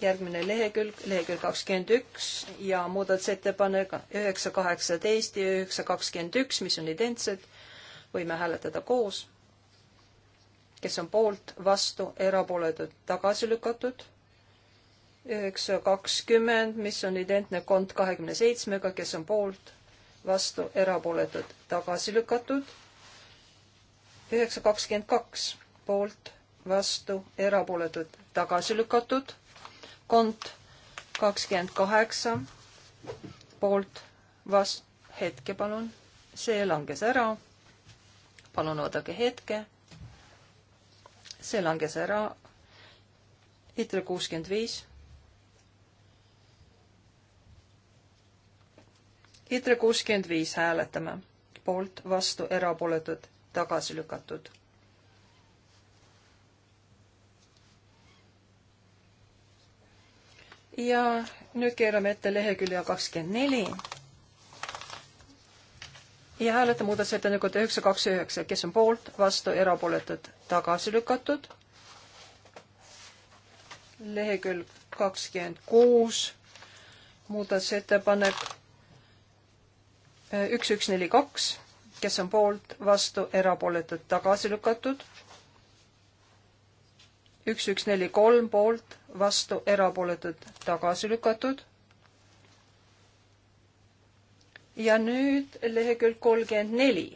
järgmine lehekülg, lehekülg kakskümmend üks ja muudatusettepanek üheksa kaheksateist ja üheksa kakskümmend üks, mis on identsed, võime hääletada koos. kes on poolt, vastu, erapooletud, tagasi lükatud. üheksa kakskümmend, mis on identne kont kahekümne seitsmega, kes on poolt, vastu, erapooletud, tagasi lükatud. üheksa kakskümmend kaks, poolt, vastu, erapooletud, tagasi lükatud kont kakskümmend kaheksa poolt vast-, hetke palun, see langes ära. palun oodake hetke. see langes ära. ITRE kuuskümmend viis. ITRE kuuskümmend viis hääletame, poolt, vastu, erapooletud, tagasi lükatud ja nüüd keerame ette lehekülje kakskümmend neli. ja hääletame muudatusettepanekut üheksa, kaks, üheksa, kes on poolt, vastu, erapooletud, tagasi lükatud. lehekülg kakskümmend kuus, muudatusettepanek üks, üks, neli, kaks, kes on poolt, vastu, erapooletud, tagasi lükatud. üks, üks, neli, kolm poolt vastu erapooletud tagasi lükatud. ja nüüd lehekülg kolmkümmend neli.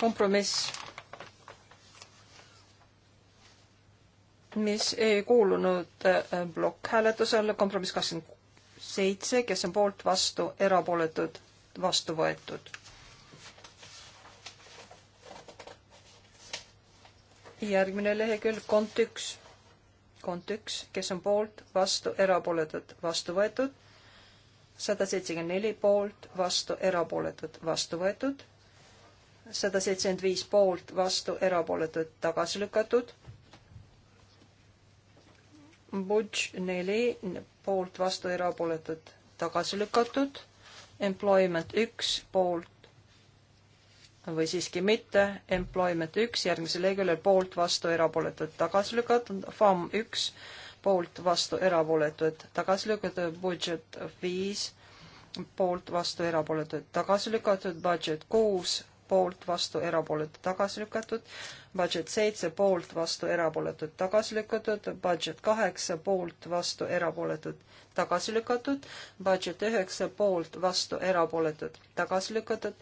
kompromiss, mis ei kuulunud plokkhääletusele, äh, kompromiss kakskümmend seitse, kes on poolt, vastu, erapooletud, vastu võetud järgmine lehekülg, kont üks, kont üks, kes on poolt, vastu, erapooletud, vastu võetud, sada seitsekümmend neli poolt, vastu, erapooletud, vastu võetud, sada seitsekümmend viis poolt, vastu, erapooletud, tagasi lükatud, Budž neli poolt, vastu, erapooletud, tagasi lükatud, Employment üks poolt, või siiski mitte, employment üks, järgmisel leheküljel poolt, vastu, erapooletud, tagasi lükatud, FAM üks, poolt, vastu, erapooletud, tagasi lükatud, budget viis, poolt, vastu, erapooletud, tagasi lükatud, budget kuus, poolt, vastu, erapooletud, tagasi lükatud, budget seitse, poolt, vastu, erapooletud, tagasi lükatud, budget kaheksa, poolt, vastu, erapooletud, tagasi lükatud, budget üheksa, poolt, vastu, erapooletud, tagasi lükatud,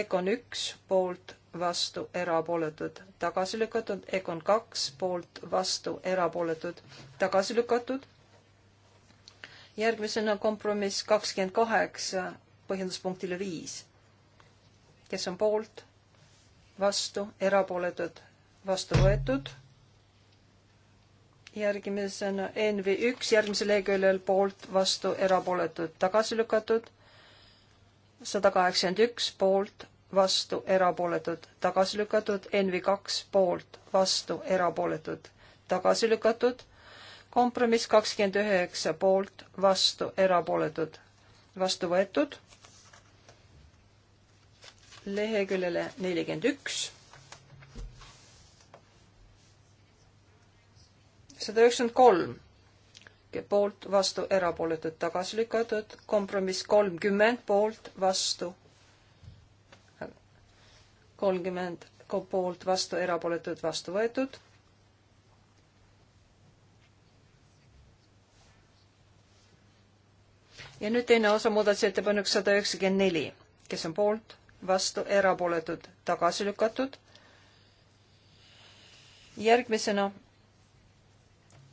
Econ üks poolt, vastu, erapooletud, tagasi lükatud. Econ kaks poolt, vastu, erapooletud, tagasi lükatud. järgmisena kompromiss kakskümmend kaheksa põhjenduspunktile viis. kes on poolt, vastu, erapooletud, vastu võetud järgimisena NV1 järgmisel leheküljel poolt vastu erapooletud tagasi lükatud sada kaheksakümmend üks poolt, vastu, erapooletud, tagasi lükatud, NV kaks poolt, vastu, erapooletud, tagasi lükatud, kompromiss kakskümmend üheksa poolt, vastu, erapooletud, vastu võetud, leheküljele nelikümmend üks, sada üheksakümmend kolm poolt, vastu, erapooletud, tagasi lükatud, kompromiss kolmkümmend poolt, vastu, kolmkümmend poolt, vastu, erapooletud, vastu võetud. ja nüüd teine osa muudatusettepanek sada üheksakümmend neli, kes on poolt, vastu, erapooletud, tagasi lükatud. järgmisena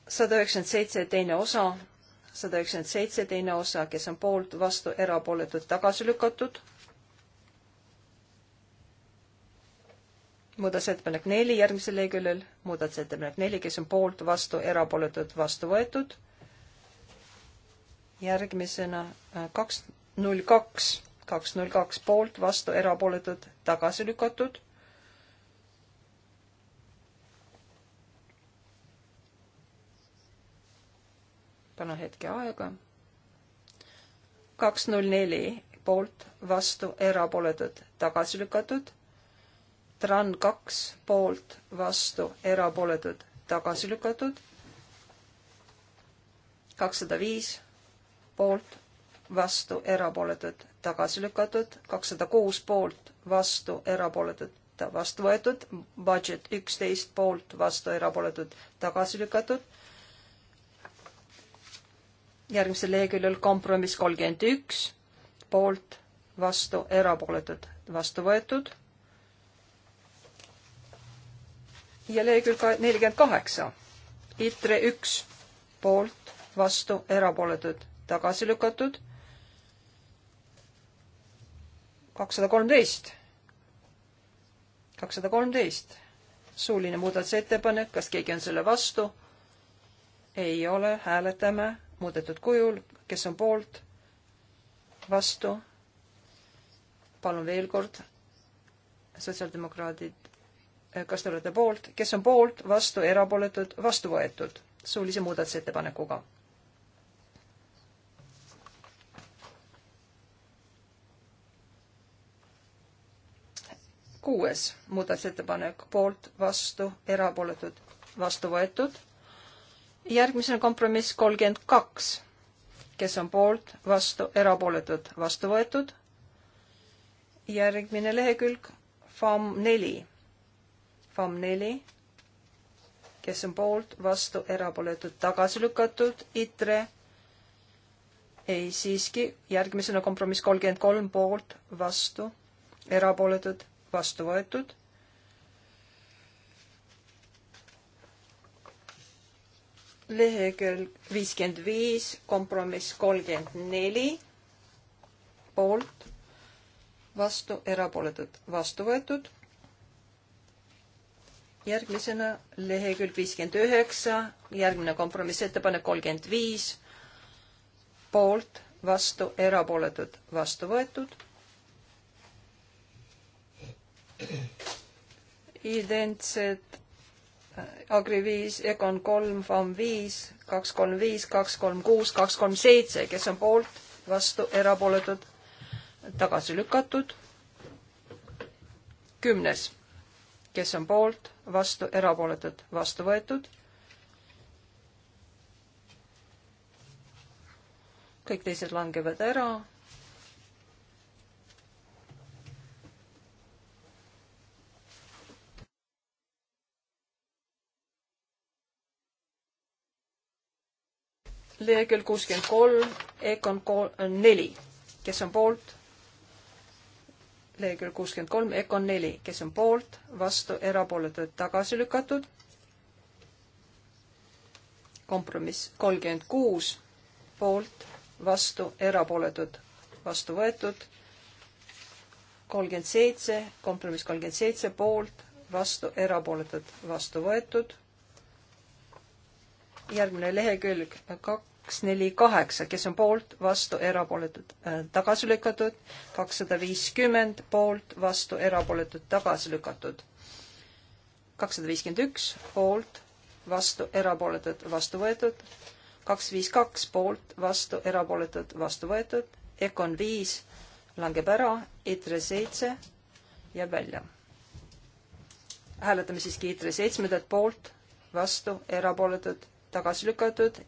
sada üheksakümmend seitse teine osa, sada üheksakümmend seitse teine osa, kes on poolt, vastu, erapooletud, tagasi lükatud. muudatusettepanek neli järgmisel leheküljel, muudatusettepanek neli, kes on poolt, vastu, erapooletud, vastu võetud. järgmisena äh, kaks null kaks, kaks null kaks poolt, vastu, erapooletud, tagasi lükatud palun hetke aega. kaks null neli poolt, vastu, erapooletud, tagasi lükatud. Tran kaks poolt, vastu, erapooletud, tagasi lükatud. kakssada viis poolt, vastu, erapooletud, tagasi lükatud. kakssada kuus poolt, vastu, erapooletud, vastu võetud. Budget üksteist poolt, vastu, erapooletud, tagasi lükatud järgmisel leheküljel kompromiss kolmkümmend üks, poolt, vastu, erapooletud, vastu võetud. ja lehekülg nelikümmend kaheksa, ITRE üks, poolt, vastu, erapooletud, tagasi lükatud. kakssada kolmteist, kakssada kolmteist, suuline muudatusettepanek, kas keegi on selle vastu? ei ole, hääletame muudetud kujul, kes on poolt, vastu, palun veel kord, sotsiaaldemokraadid, eh, kas te olete poolt, kes on poolt, vastu, erapooletud, vastu võetud suulise muudatusettepanekuga. kuues muudatusettepanek poolt, vastu, erapooletud, vastu võetud järgmisena kompromiss kolmkümmend kaks, kes on poolt, vastu, erapooletud, vastu võetud. järgmine lehekülg, FAM neli, FAM neli, kes on poolt, vastu, erapooletud, tagasi lükatud, ITRE ei siiski, järgmisena kompromiss kolmkümmend kolm poolt, vastu, erapooletud, vastu võetud lehekülg viiskümmend viis, kompromiss kolmkümmend neli, poolt, vastu, erapooletud, vastu võetud. järgmisena lehekülg viiskümmend üheksa, järgmine kompromissettepanek kolmkümmend viis, poolt, vastu, erapooletud, vastu võetud identsed Agri viis, Econ kolm, FAM viis, kaks kolm viis, kaks kolm kuus, kaks kolm seitse, kes on poolt, vastu, erapooletud, tagasi lükatud. kümnes, kes on poolt, vastu, erapooletud, vastu võetud. kõik teised langevad ära lehekülg kuuskümmend kolm, Econ neli, kes on poolt? lehekülg kuuskümmend kolm, Econ neli, kes on poolt, vastu, erapooletud, tagasi lükatud. kompromiss kolmkümmend kuus, poolt, vastu, erapooletud, vastu võetud. kolmkümmend seitse, kompromiss kolmkümmend seitse, poolt, vastu, erapooletud, vastu võetud järgmine lehekülg, kaks, neli, kaheksa, kes on poolt, vastu, erapooletud, äh, tagasi lükatud, kakssada viiskümmend poolt, vastu, erapooletud, tagasi lükatud. kakssada viiskümmend üks poolt, vastu, erapooletud, vastu võetud, kaks viis kaks poolt, vastu, erapooletud, vastu võetud, Econ viis langeb ära, ITRE seitse jääb välja. hääletame siiski ITRE seitsmendat poolt, vastu, erapooletud, tagasi lükatud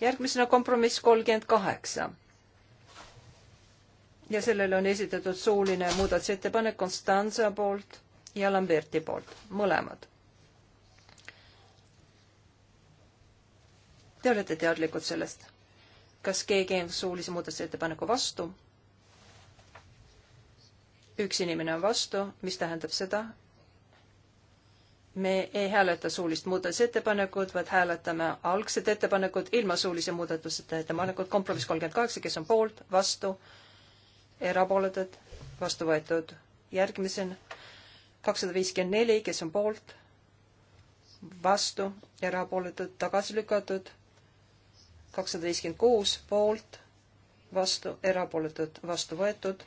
järgmisena kompromiss kolmkümmend kaheksa. ja sellele on esitatud suuline muudatusettepanek Konstanza poolt ja Lamberti poolt, mõlemad. Te olete teadlikud sellest? kas keegi on suulise muudatusettepaneku vastu? üks inimene on vastu, mis tähendab seda, me ei hääleta suulist muudatusettepanekut, vaid hääletame algset ettepanekut ilma suulise muudatuseta ettepanekut, kompromiss kolmkümmend kaheksa, kes on poolt, vastu, erapooletud, vastu võetud. järgmisena kakssada viiskümmend neli, kes on poolt, vastu, erapooletud, tagasi lükatud, kakssada viiskümmend kuus, poolt, vastu, erapooletud, vastu võetud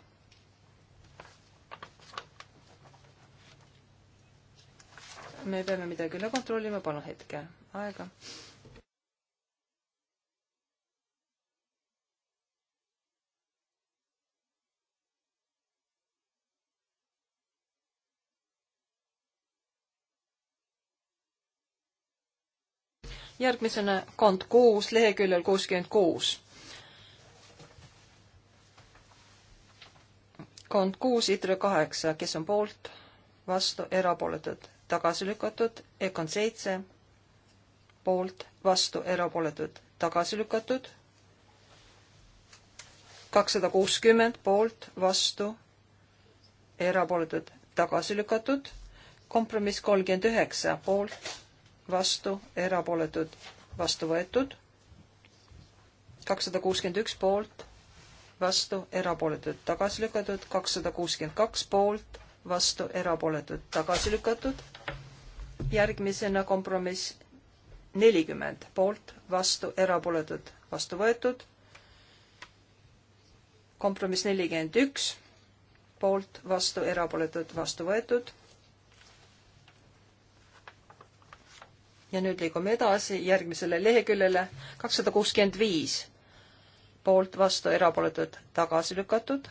me peame midagi üle kontrollima, palun hetke aega. järgmisena kond kuus, leheküljel kuuskümmend kuus. kond kuus, ITRE kaheksa, kes on poolt, vastu, erapooletud tagasi lükatud, Econ seitse poolt, vastu, erapooletud, tagasi lükatud, kakssada kuuskümmend poolt, vastu, erapooletud, tagasi lükatud, kompromiss kolmkümmend üheksa poolt, vastu, erapooletud, vastu võetud, kakssada kuuskümmend üks poolt, vastu, erapooletud, tagasi lükatud, kakssada kuuskümmend kaks poolt, vastu, erapooletud, tagasi lükatud, järgmisena kompromiss nelikümmend poolt, vastu, erapooletud, vastu võetud. kompromiss nelikümmend üks poolt, vastu, erapooletud, vastu võetud. ja nüüd liigume edasi järgmisele leheküljele kakssada kuuskümmend viis poolt, vastu, erapooletud, tagasi lükatud.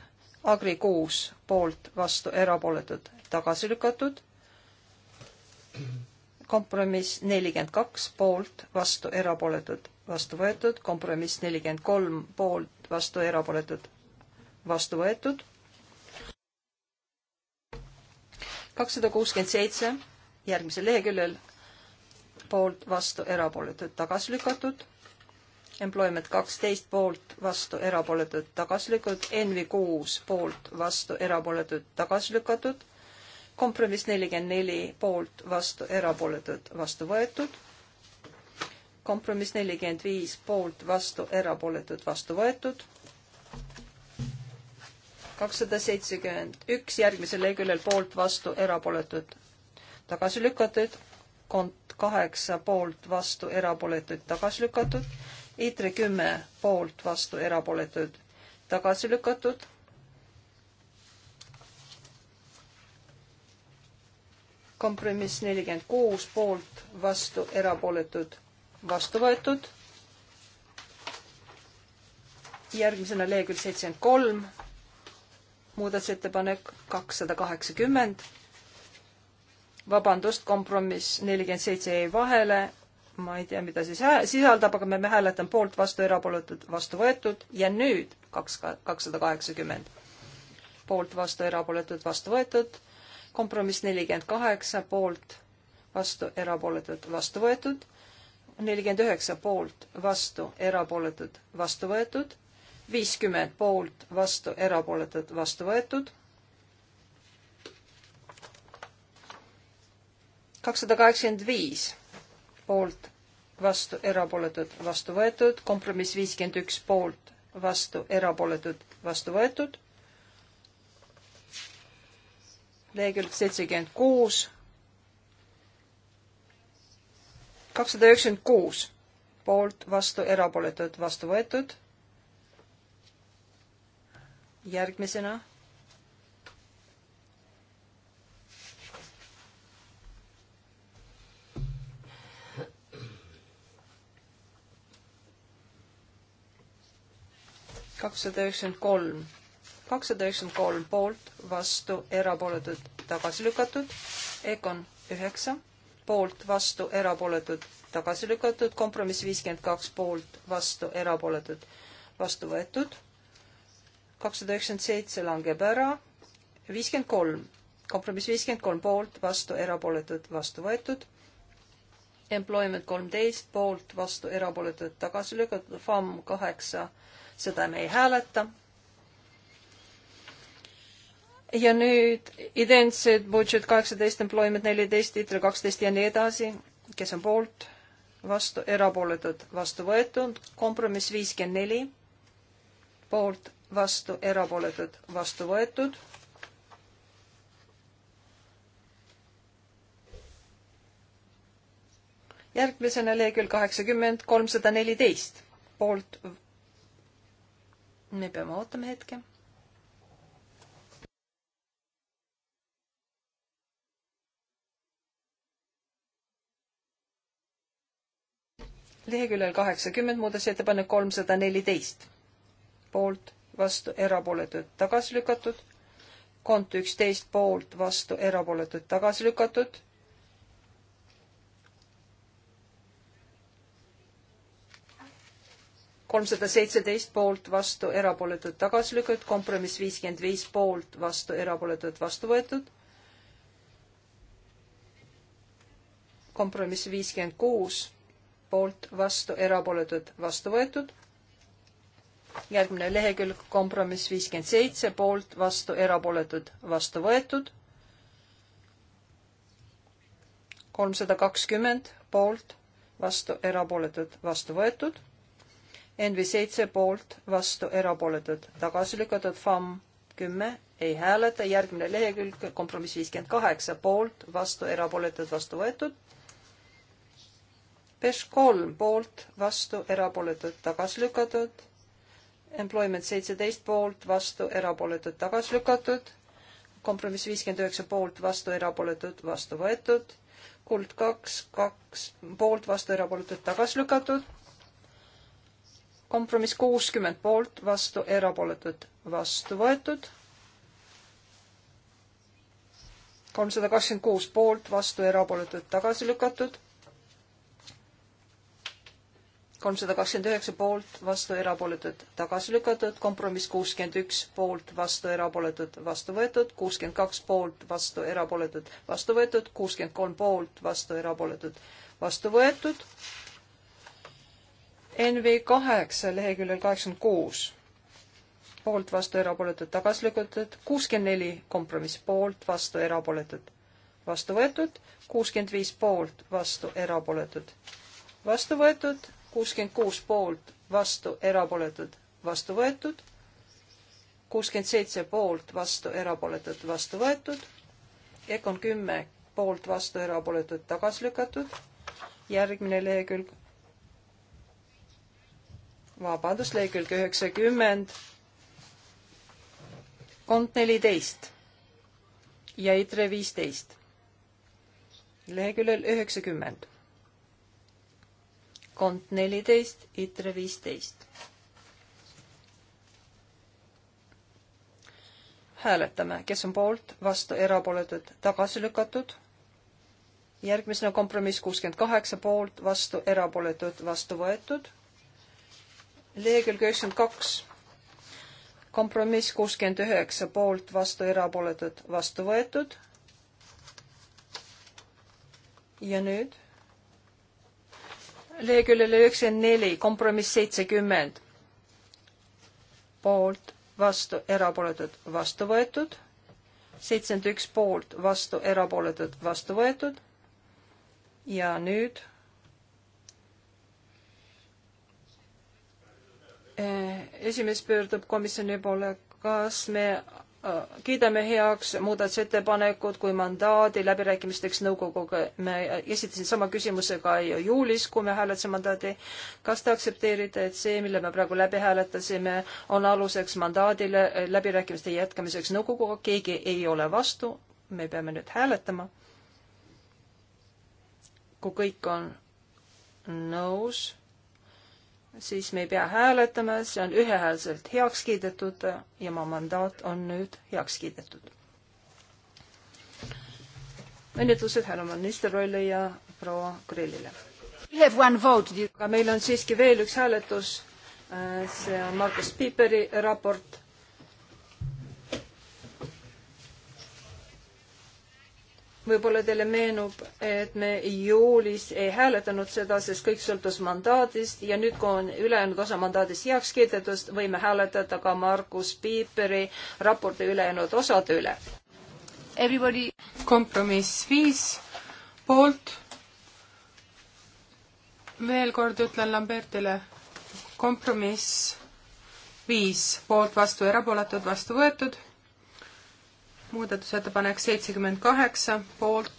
Agri kuus poolt, vastu, erapooletud, tagasi lükatud kompromiss nelikümmend kaks poolt, vastu erapooletud, vastu võetud, kompromiss nelikümmend kolm poolt, vastu erapooletud, vastu võetud. kakssada kuuskümmend seitse järgmisel leheküljel poolt, vastu erapooletud, tagasi lükatud. Employment kaksteist poolt, vastu erapooletud, tagasi lükatud. NV kuus poolt, vastu erapooletud, tagasi lükatud kompromiss nelikümmend neli poolt, vastu, erapooletud, vastu võetud. kompromiss nelikümmend viis poolt, vastu, erapooletud, vastu võetud. kakssada seitsekümmend üks järgmisel leheküljel poolt, vastu, erapooletud, tagasi lükatud. kont kaheksa poolt, vastu, erapooletud, tagasi lükatud. ITRE kümme poolt, vastu, erapooletud, tagasi lükatud kompromiss nelikümmend kuus poolt, vastu, erapooletud, vastu võetud. järgmisena lehekülg seitsekümmend kolm, muudatusettepanek kakssada kaheksakümmend. vabandust, kompromiss nelikümmend seitse jäi vahele, ma ei tea, mida siis sisaldab, aga me hääletame poolt, vastu, erapooletud, vastu võetud ja nüüd kaks, kakssada kaheksakümmend. poolt, vastu, erapooletud, vastu võetud kompromiss nelikümmend kaheksa poolt, vastu, erapooletud, vastu võetud, nelikümmend üheksa poolt, vastu, erapooletud, vastu võetud, viiskümmend poolt, vastu, erapooletud, vastu võetud, kakssada kaheksakümmend viis poolt, vastu, erapooletud, vastu võetud, kompromiss viiskümmend üks poolt, vastu, erapooletud, vastu võetud lehekülg seitsekümmend kuus, kakssada üheksakümmend kuus poolt, vastu, erapooletud, vastu võetud. järgmisena. kakssada üheksakümmend kolm kakssada üheksakümmend kolm poolt, vastu, erapooletud, tagasi lükatud. Econ üheksa poolt, vastu, erapooletud, tagasi lükatud. kompromiss viiskümmend kaks poolt, vastu, erapooletud, vastu võetud. kakssada üheksakümmend seitse langeb ära. viiskümmend kolm, kompromiss viiskümmend kolm poolt, vastu, erapooletud, vastu võetud. Employment kolmteist poolt, vastu, erapooletud, tagasi lükatud. FAM kaheksa, seda me ei hääleta ja nüüd identsed budget kaheksateist, employment neliteist, tiitel kaksteist ja nii edasi, kes on poolt, vastu, erapooletud, vastu võetud, kompromiss viiskümmend neli, poolt, vastu, erapooletud, vastu võetud. järgmisena lehekülg kaheksakümmend, kolmsada neliteist, poolt. me peame ootama hetke leheküljel kaheksakümmend muudatusettepanek kolmsada neliteist. poolt, vastu, erapooletud, tagasi lükatud. kont üksteist poolt, vastu, erapooletud, tagasi lükatud. kolmsada seitseteist poolt, vastu, erapooletud, tagasi lükatud, kompromiss viiskümmend viis poolt, vastu, erapooletud, vastu võetud kompromiss viiskümmend kuus poolt, vastu, erapooletud, vastu võetud. järgmine lehekülg, kompromiss viiskümmend seitse, poolt, vastu, erapooletud, vastu võetud. kolmsada kakskümmend, poolt, vastu, erapooletud, vastu võetud. NV seitse poolt, vastu, erapooletud, tagasi lükatud, FAM kümme, ei hääleta, järgmine lehekülg, kompromiss viiskümmend kaheksa, poolt, vastu, erapooletud, vastu võetud PES kolm poolt, vastu, erapooletud, tagasi lükatud. Employment seitseteist poolt, vastu, erapooletud, tagasi lükatud. kompromiss viiskümmend üheksa poolt, vastu, erapooletud, vastu võetud. kuld kaks, kaks poolt, vastu, erapooletud, tagasi lükatud. kompromiss kuuskümmend poolt, vastu, erapooletud, vastu võetud. kolmsada kakskümmend kuus poolt, vastu, erapooletud, tagasi lükatud kolmsada kakskümmend üheksa poolt, vastu erapooletud, tagasi lükatud, kompromiss kuuskümmend üks poolt, vastu erapooletud, vastu võetud, kuuskümmend kaks poolt, vastu erapooletud, vastu võetud, kuuskümmend kolm poolt, vastu erapooletud, vastu võetud. NV kaheksa leheküljel kaheksakümmend kuus, poolt, vastu erapooletud, tagasi lükatud, kuuskümmend neli kompromiss poolt, vastu erapooletud, vastu võetud, kuuskümmend viis poolt, vastu erapooletud, vastu võetud kuuskümmend kuus poolt, vastu, erapooletud, vastu võetud, kuuskümmend seitse poolt, vastu, erapooletud, vastu võetud, Econ kümme poolt, vastu, erapooletud, tagasi lükatud, järgmine lehekülg, vabandust, lehekülg üheksakümmend, kont neliteist ja ITRE viisteist, leheküljel üheksakümmend kont neliteist, ITRE viisteist. hääletame, kes on poolt, vastu, erapooletud, tagasi lükatud. järgmisena kompromiss kuuskümmend kaheksa, poolt, vastu, erapooletud, vastu võetud. lehekülg üheksakümmend kaks kompromiss kuuskümmend üheksa poolt, vastu erapooletud, vastu võetud. ja nüüd leheküljel üheksakümmend neli, kompromiss seitsekümmend. poolt, vastu, erapooletud, vastu võetud. seitsekümmend üks poolt, vastu, erapooletud, vastu võetud. ja nüüd eh, esimees pöördub komisjoni poole, kas me kiidame heaks muudatusettepanekud kui mandaadi läbirääkimisteks nõukoguga. me esitasin sama küsimuse ka juulis, kui me hääletasime mandaadi. kas te aktsepteerite, et see, mille me praegu läbi hääletasime, on aluseks mandaadile läbirääkimiste jätkamiseks nõukoguga, keegi ei ole vastu, me peame nüüd hääletama. kui kõik on nõus siis me ei pea hääletama, see on ühehäälselt heaks kiidetud ja mu mandaat on nüüd heaks kiidetud. õnnitlused härra ministrile ja proua Grillile. aga meil on siiski veel üks hääletus. see on Markus Piiperi raport võib-olla teile meenub, et me juulis ei hääletanud seda, sest kõik sõltus mandaadist ja nüüd, kui on ülejäänud osa mandaadist heaks kiidetud, võime hääletada ka Margus Piiperi raporti ülejäänud osade üle. Everybody. kompromiss viis poolt. veel kord ütlen Lambertile, kompromiss viis poolt, vastu, erapooletud, vastu võetud muudatusettepanek seitsekümmend kaheksa, poolt,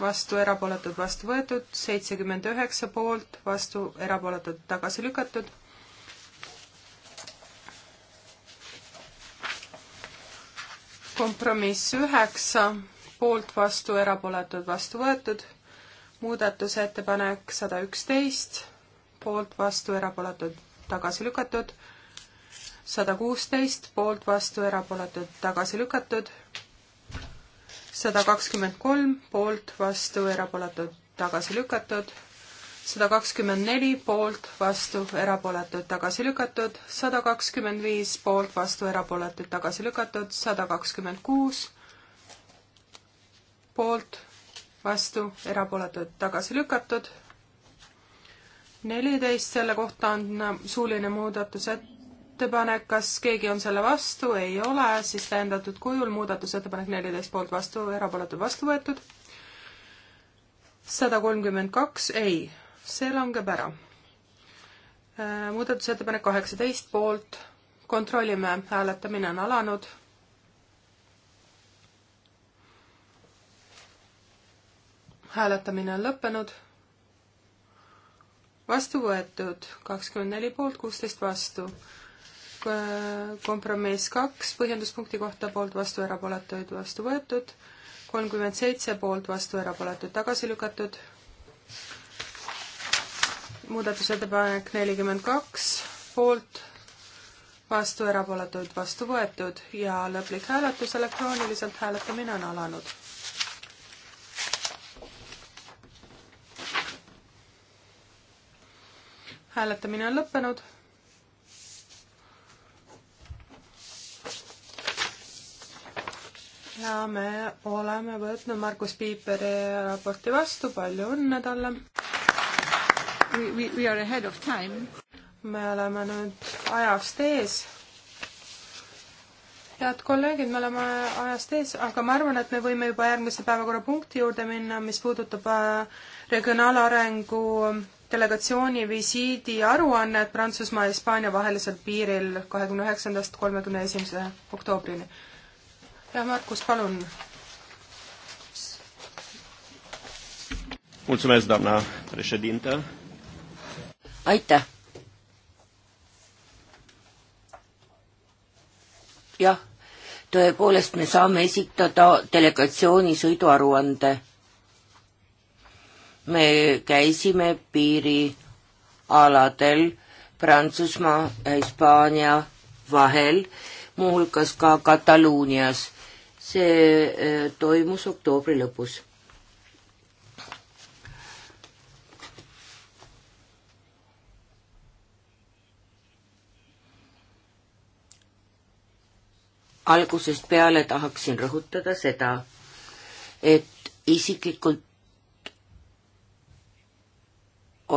vastu, erapooletud, vastu võetud, seitsekümmend üheksa poolt, vastu, erapooletud, tagasi lükatud. kompromiss üheksa, poolt, vastu, erapooletud, vastu võetud, muudatusettepanek sada üksteist, poolt, vastu, erapooletud, tagasi lükatud, sada kuusteist, poolt, vastu, erapooletud, tagasi lükatud sada kakskümmend kolm poolt, vastu, erapooletud, tagasi lükatud, sada kakskümmend neli poolt, vastu, erapooletud, tagasi lükatud, sada kakskümmend viis poolt, vastu, erapooletud, tagasi lükatud, sada kakskümmend kuus poolt, vastu, erapooletud, tagasi lükatud. neliteist, selle kohta on suuline muudatuset-, ettepanek, kas keegi on selle vastu, ei ole, siis täiendatud kujul muudatusettepanek neliteist poolt vastu, erapooletud vastu võetud. sada kolmkümmend kaks, ei, see langeb ära. Äh, muudatusettepanek kaheksateist poolt, kontrollime, hääletamine on alanud hääletamine on lõppenud. vastu võetud kakskümmend neli poolt, kuusteist vastu kompromiss kaks põhjenduspunkti kohta poolt vastu erapooletuid vastu võetud, kolmkümmend seitse poolt vastu erapooletuid tagasi lükatud, muudatusettepanek nelikümmend kaks poolt vastu erapooletuid vastu võetud ja lõplik hääletus elektrooniliselt hääletamine on alanud. hääletamine on lõppenud ja me oleme võtnud Margus Piiperi raporti vastu, palju õnne talle! We are ahead of time. me oleme nüüd ajast ees. head kolleegid, me oleme ajast ees, aga ma arvan, et me võime juba järgmise päevakorrapunkti juurde minna, mis puudutab äh, regionaalarengu delegatsiooni visiidi aruannet Prantsusmaa ja Hispaania vahelisel piiril kahekümne üheksandast kolmekümne esimese oktoobrini ja Markus, palun. aitäh. jah, tõepoolest me saame esitada delegatsiooni sõiduaruande. me käisime piirialadel Prantsusmaa ja Hispaania vahel, muuhulgas ka Kataluunias see eh, toimus oktoobri lõpus. algusest peale tahaksin rõhutada seda, et isiklikult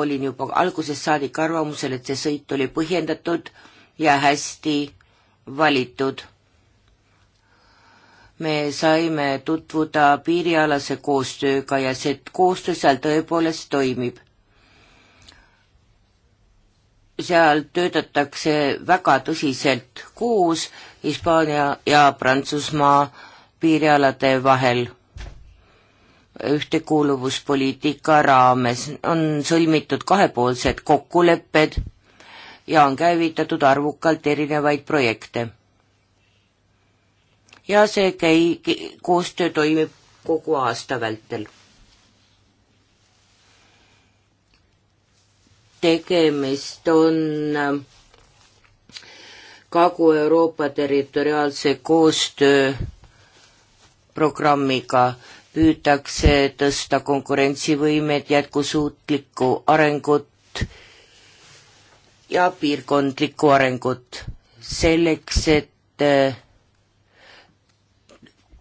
olin juba algusest saadik arvamusel, et see sõit oli põhjendatud ja hästi valitud me saime tutvuda piirialase koostööga ja see koostöö seal tõepoolest toimib. seal töötatakse väga tõsiselt koos Hispaania ja Prantsusmaa piirialade vahel ühtekuuluvuspoliitika raames on sõlmitud kahepoolsed kokkulepped ja on käivitatud arvukalt erinevaid projekte ja see käi-, koostöö toimib kogu aasta vältel. tegemist on ähm, Kagu-Euroopa territoriaalse koostöö programmiga püütakse tõsta konkurentsivõimet, jätkusuutlikku arengut ja piirkondlikku arengut selleks, et äh,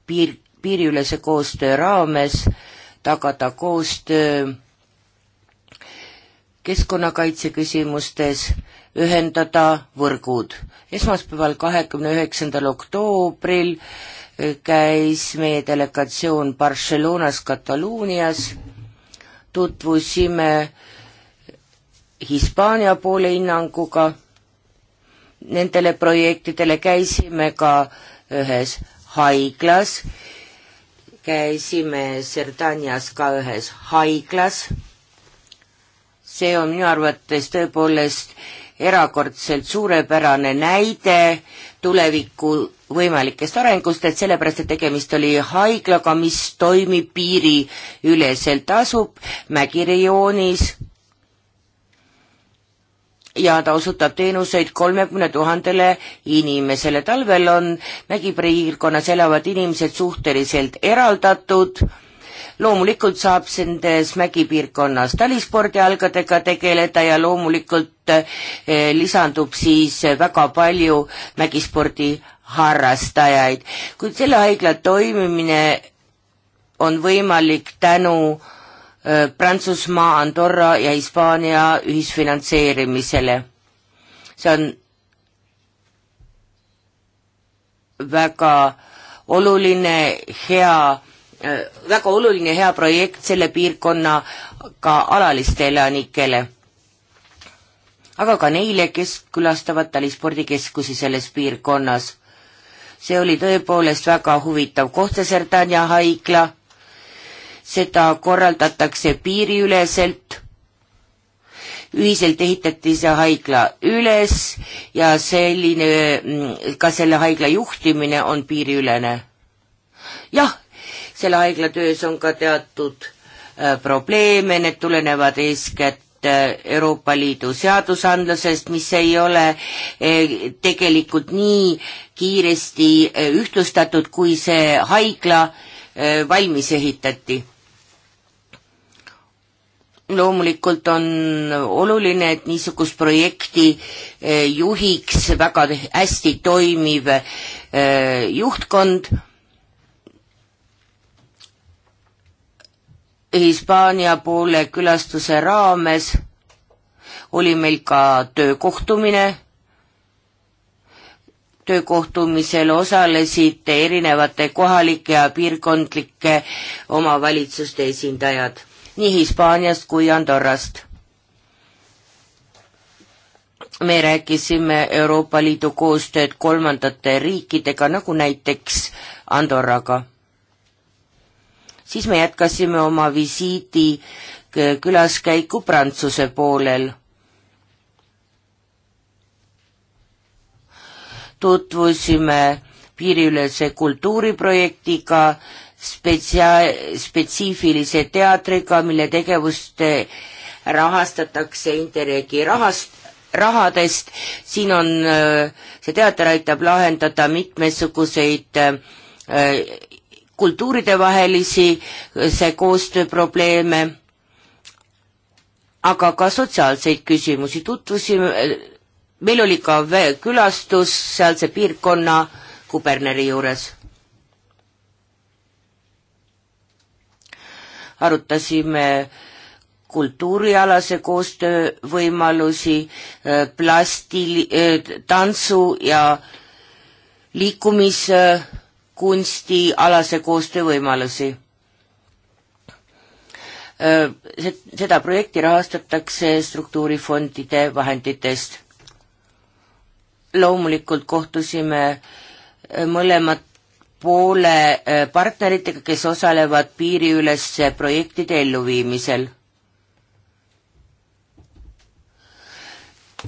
piir, piiriülese koostöö raames tagada koostöö keskkonnakaitse küsimustes, ühendada võrgud. esmaspäeval, kahekümne üheksandal oktoobril eh, käis meie delegatsioon Barcelonas, Kataluunias, tutvusime Hispaania poole hinnanguga, nendele projektidele käisime ka ühes haiglas, käisime Sardanias ka ühes haiglas. see on minu arvates tõepoolest erakordselt suurepärane näide tuleviku võimalikest arengust, et sellepärast, et tegemist oli haiglaga, mis toimib piiriüleselt, asub mägirioonis ja ta osutab teenuseid kolmekümne tuhandele inimesele. talvel on mägipiirkonnas elavad inimesed suhteliselt eraldatud loomulikult saab nendes mägipiirkonnas talispordialgadega tegeleda ja loomulikult eh, lisandub siis väga palju mägispordi harrastajaid, kuid selle haigla toimimine on võimalik tänu äh, Äh, Prantsusmaa, Andorra ja Hispaania ühisfinantseerimisele. see on väga oluline hea, äh, väga oluline hea projekt selle piirkonnaga alaliste elanikele, aga ka neile, kes külastavad talispordikeskusi selles piirkonnas. see oli tõepoolest väga huvitav koht, see Serdania haigla seda korraldatakse piiriüleselt, ühiselt ehitati see haigla üles ja selline, mm, ka selle haigla juhtimine on piiriülene. jah, selle haigla töös on ka teatud äh, probleeme, need tulenevad eeskätt äh, Euroopa Liidu seadusandlusest, mis ei ole äh, tegelikult nii kiiresti ühtlustatud, kui see haigla valmis ehitati loomulikult on oluline, et niisugust projekti eh, juhiks väga hästi toimiv eh, juhtkond. Hispaania poole külastuse raames oli meil ka töökohtumine. töökohtumisel osalesid erinevate kohalike ja piirkondlike omavalitsuste esindajad nii Hispaaniast kui Andorrast. me rääkisime Euroopa Liidu koostööd kolmandate riikidega, nagu näiteks Andorraga. siis me jätkasime oma visiidi külaskäiku Prantsuse poolel tutvusime piiriülese kultuuriprojektiga spetsia-, spetsiifilise teatriga, mille tegevust eh, rahastatakse Interregi rahast, rahadest, siin on, eh, see teater aitab lahendada mitmesuguseid eh, kultuuridevahelisi see koostööprobleeme, aga ka sotsiaalseid küsimusi, tutvusime, meil oli ka külastus sealse piirkonna kuberneri juures arutasime kultuurialase koostöö võimalusi, äh, plasti, äh, tantsu ja liikumiskunstialase koostöö võimalusi. Äh, seda projekti rahastatakse struktuurifondide vahenditest. loomulikult kohtusime mõlemat poole äh, partneritega, kes osalevad piiriülesse projektide elluviimisel.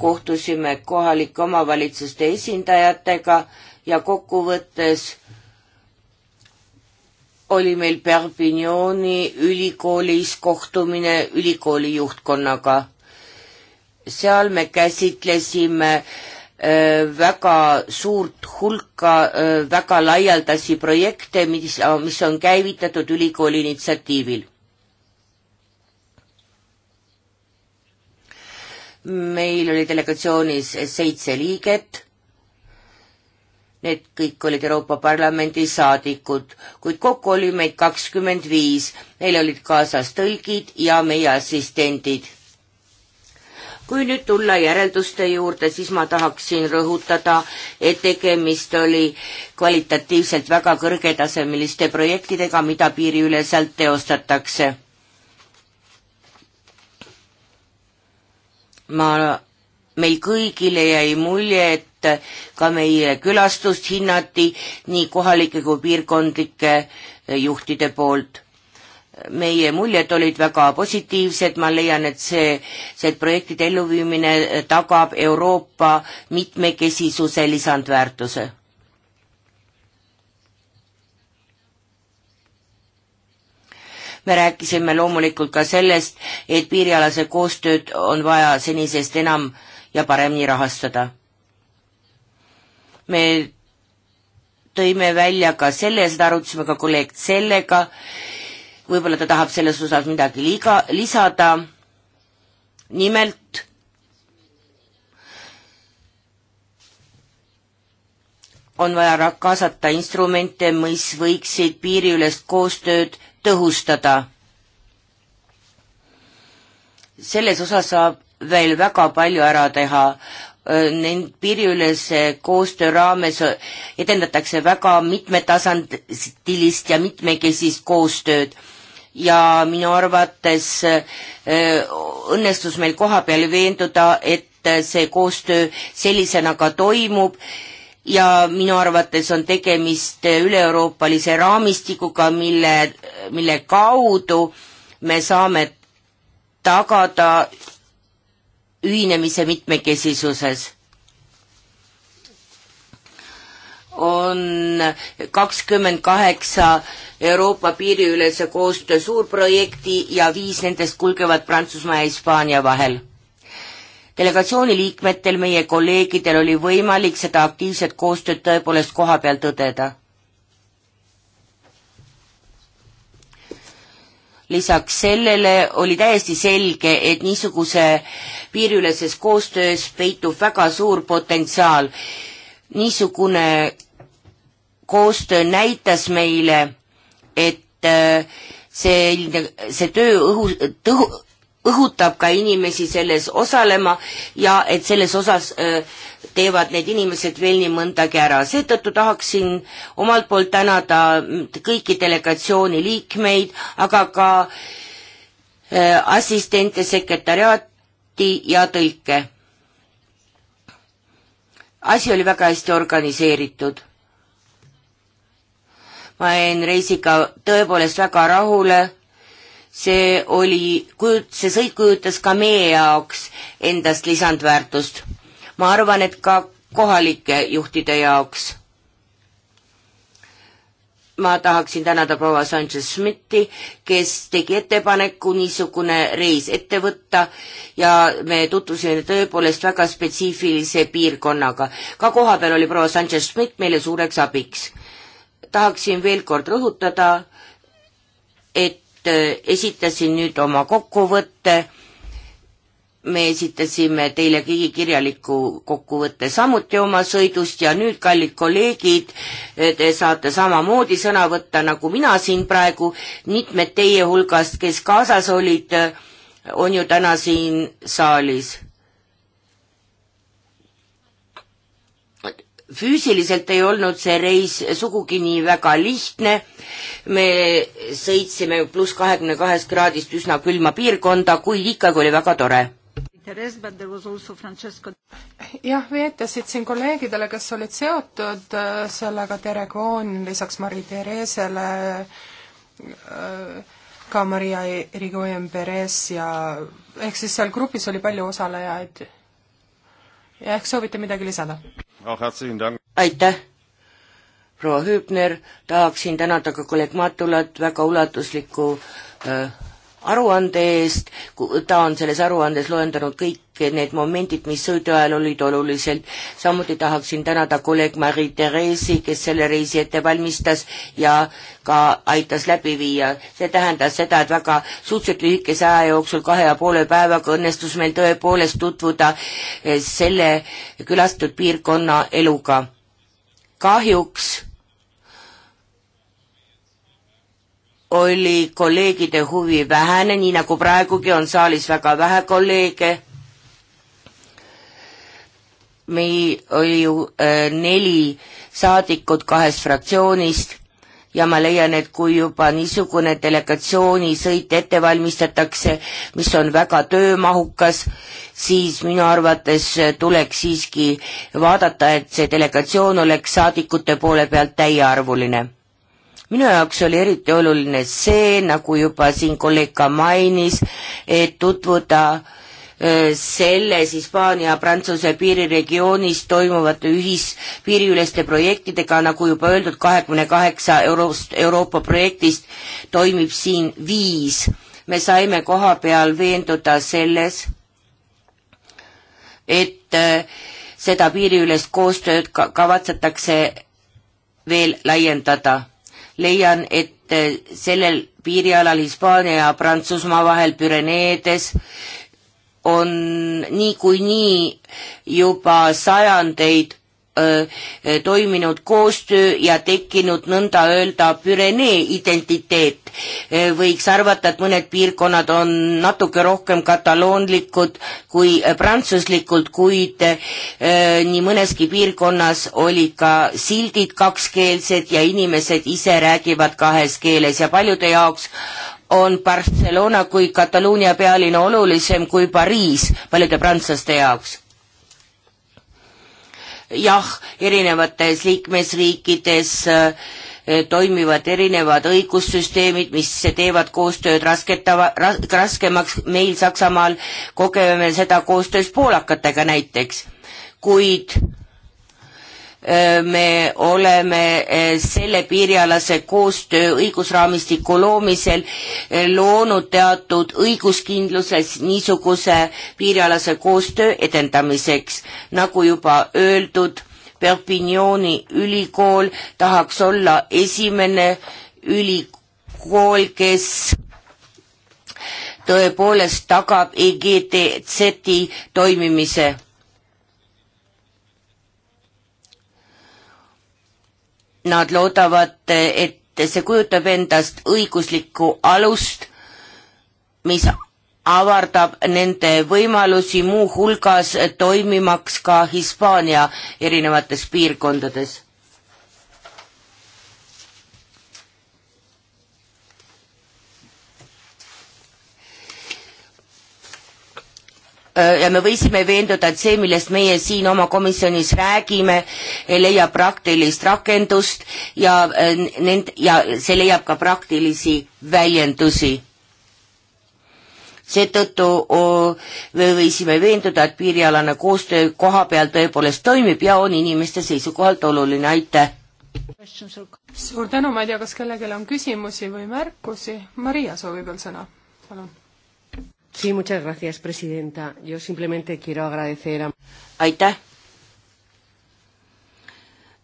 kohtusime kohalike omavalitsuste esindajatega ja kokkuvõttes oli meil Perpignani ülikoolis kohtumine ülikooli juhtkonnaga. seal me käsitlesime äh, väga suurt hulka väga laialdasi projekte, mis, mis on käivitatud ülikooli initsiatiivil. meil oli delegatsioonis seitse liiget, need kõik olid Euroopa Parlamendi saadikud, kuid kokku oli meid kakskümmend viis, neil olid kaasas tõlgid ja meie assistendid kui nüüd tulla järelduste juurde, siis ma tahaksin rõhutada, et tegemist oli kvalitatiivselt väga kõrgetasemeliste projektidega, mida piiriüleselt teostatakse. ma, meil kõigile jäi mulje, et ka meie külastust hinnati nii kohalike kui piirkondlike juhtide poolt meie muljed olid väga positiivsed, ma leian, et see, see projektide elluviimine tagab Euroopa mitmekesisuse lisandväärtuse. me rääkisime loomulikult ka sellest, et piirialase koostööd on vaja senisest enam ja paremini rahastada. me tõime välja ka selle, seda arutasime ka kolleeg sellega, võib-olla ta tahab selles osas midagi liiga, lisada. nimelt on vaja kaasata instrumente, mis võiksid piiriülest koostööd tõhustada. selles osas saab veel väga palju ära teha nend-, piiriülese koostöö raames edendatakse väga mitmetasandilist ja mitmekesist koostööd ja minu arvates äh, õnnestus meil koha peal veenduda, et see koostöö sellisena ka toimub ja minu arvates on tegemist üle-euroopalise raamistikuga, mille, mille kaudu me saame tagada ühinemise mitmekesisuses on kakskümmend kaheksa Euroopa piiriülese koostöö suurprojekti ja viis nendest kulgevad Prantsusmaa ja Hispaania vahel. delegatsiooni liikmetel, meie kolleegidel oli võimalik seda aktiivset koostööd tõepoolest koha peal tõdeda. lisaks sellele oli täiesti selge, et niisuguse piiriüleses koostöös peitub väga suur potentsiaal niisugune koostöö näitas meile, et äh, see, see töö õhu, tõhu, õhutab ka inimesi selles osalema ja et selles osas äh, teevad need inimesed veel nii mõndagi ära. seetõttu tahaksin omalt poolt tänada kõiki delegatsiooni liikmeid, aga ka äh, assistente, sekretariaati ja tõlke. asi oli väga hästi organiseeritud ma jäin reisiga tõepoolest väga rahule, see oli, see sõit kujutas ka meie jaoks endast lisandväärtust. ma arvan, et ka kohalike juhtide jaoks. ma tahaksin tänada proua Sanchez-Schmidti, kes tegi ettepaneku niisugune reis ette võtta ja me tutvusime tõepoolest väga spetsiifilise piirkonnaga. ka kohapeal oli proua Sanchez-Schmidt meile suureks abiks tahaksin veel kord rõhutada, et äh, esitasin nüüd oma kokkuvõtte, me esitasime teile kõigi kirjaliku kokkuvõtte samuti oma sõidust ja nüüd, kallid kolleegid, äh, te saate samamoodi sõna võtta nagu mina siin praegu, mitmed teie hulgast, kes kaasas olid, äh, on ju täna siin saalis füüsiliselt ei olnud see reis sugugi nii väga lihtne, me sõitsime pluss kahekümne kahest kraadist üsna külma piirkonda, kuid ikkagi oli väga tore. jah, veetasid siin kolleegidele, kes olid seotud äh, sellega, Derek Voon lisaks Marie-Theresele, äh, ka Maria Irigoyen-Perez ja ehk siis seal grupis oli palju osalejaid ja ehk soovite midagi lisada? aitäh, proua Hübner, tahaksin tänada ka kolleeg Matulat väga ulatusliku äh, aruande eest, ta on selles aruandes loendanud kõik need momendid, mis sõidu ajal olid olulised. samuti tahaksin tänada kolleeg Marie-Therese'i, kes selle reisi ette valmistas ja ka aitas läbi viia. see tähendas seda, et väga suhteliselt lühikese aja jooksul, kahe ja poole päevaga õnnestus meil tõepoolest tutvuda eh, selle külastatud piirkonna eluga. kahjuks oli kolleegide huvi vähene, nii nagu praegugi on saalis väga vähe kolleege. meil oli ju äh, neli saadikut kahest fraktsioonist ja ma leian, et kui juba niisugune delegatsioonisõit ette valmistatakse, mis on väga töömahukas, siis minu arvates tuleks siiski vaadata, et see delegatsioon oleks saadikute poole pealt täiearvuline minu jaoks oli eriti oluline see, nagu juba siin kolleeg ka mainis, et tutvuda äh, selles Hispaania-Prantsuse piiriregioonis toimuvate ühis, piiriüleste projektidega, nagu juba öeldud, kahekümne kaheksa eurost, Euroopa projektist toimib siin viis. me saime koha peal veenduda selles, et äh, seda piiriülest koostööd kavatsetakse veel laiendada leian, et eh, sellel piirialal Hispaania ja Prantsusmaa vahel Püreneedes on niikuinii nii juba sajandeid Äh, äh, toiminud koostöö ja tekkinud nõnda öelda Pürenee identiteet. Äh, võiks arvata, et mõned piirkonnad on natuke rohkem kataloonlikud kui prantsuslikud, kuid nii mõneski piirkonnas olid ka sildid kakskeelsed ja inimesed ise räägivad kahes keeles ja paljude jaoks on Barcelona kui Kataloonia pealinn olulisem kui Pariis paljude prantslaste jaoks jah, erinevates liikmesriikides eh, toimivad erinevad õigussüsteemid, mis teevad koostööd rasketava, raskemaks, meil Saksamaal kogeme seda koostöös poolakatega näiteks, kuid me oleme selle piirialase koostöö õigusraamistiku loomisel loonud teatud õiguskindluses niisuguse piirialase koostöö edendamiseks. nagu juba öeldud, Perpignani ülikool tahaks olla esimene ülikool, kes tõepoolest tagab EGTZ-i toimimise Nad loodavad, et see kujutab endast õiguslikku alust, mis avardab nende võimalusi muuhulgas toimimaks ka Hispaania erinevates piirkondades. Äh, ja me võisime veenduda, et see, millest meie siin oma komisjonis räägime, äh, leiab praktilist rakendust ja äh, nend-, ja see leiab ka praktilisi väljendusi seetõttu me võisime veenduda, et piirialane koostöö koha peal tõepoolest toimib ja on inimeste seisukohalt oluline, aitäh! suur tänu, ma ei tea, kas kellelgi on küsimusi või märkusi, Maria soovib veel sõna, palun. Sí, muchas gracias, presidenta. Yo simplemente quiero agradecer a... aitäh!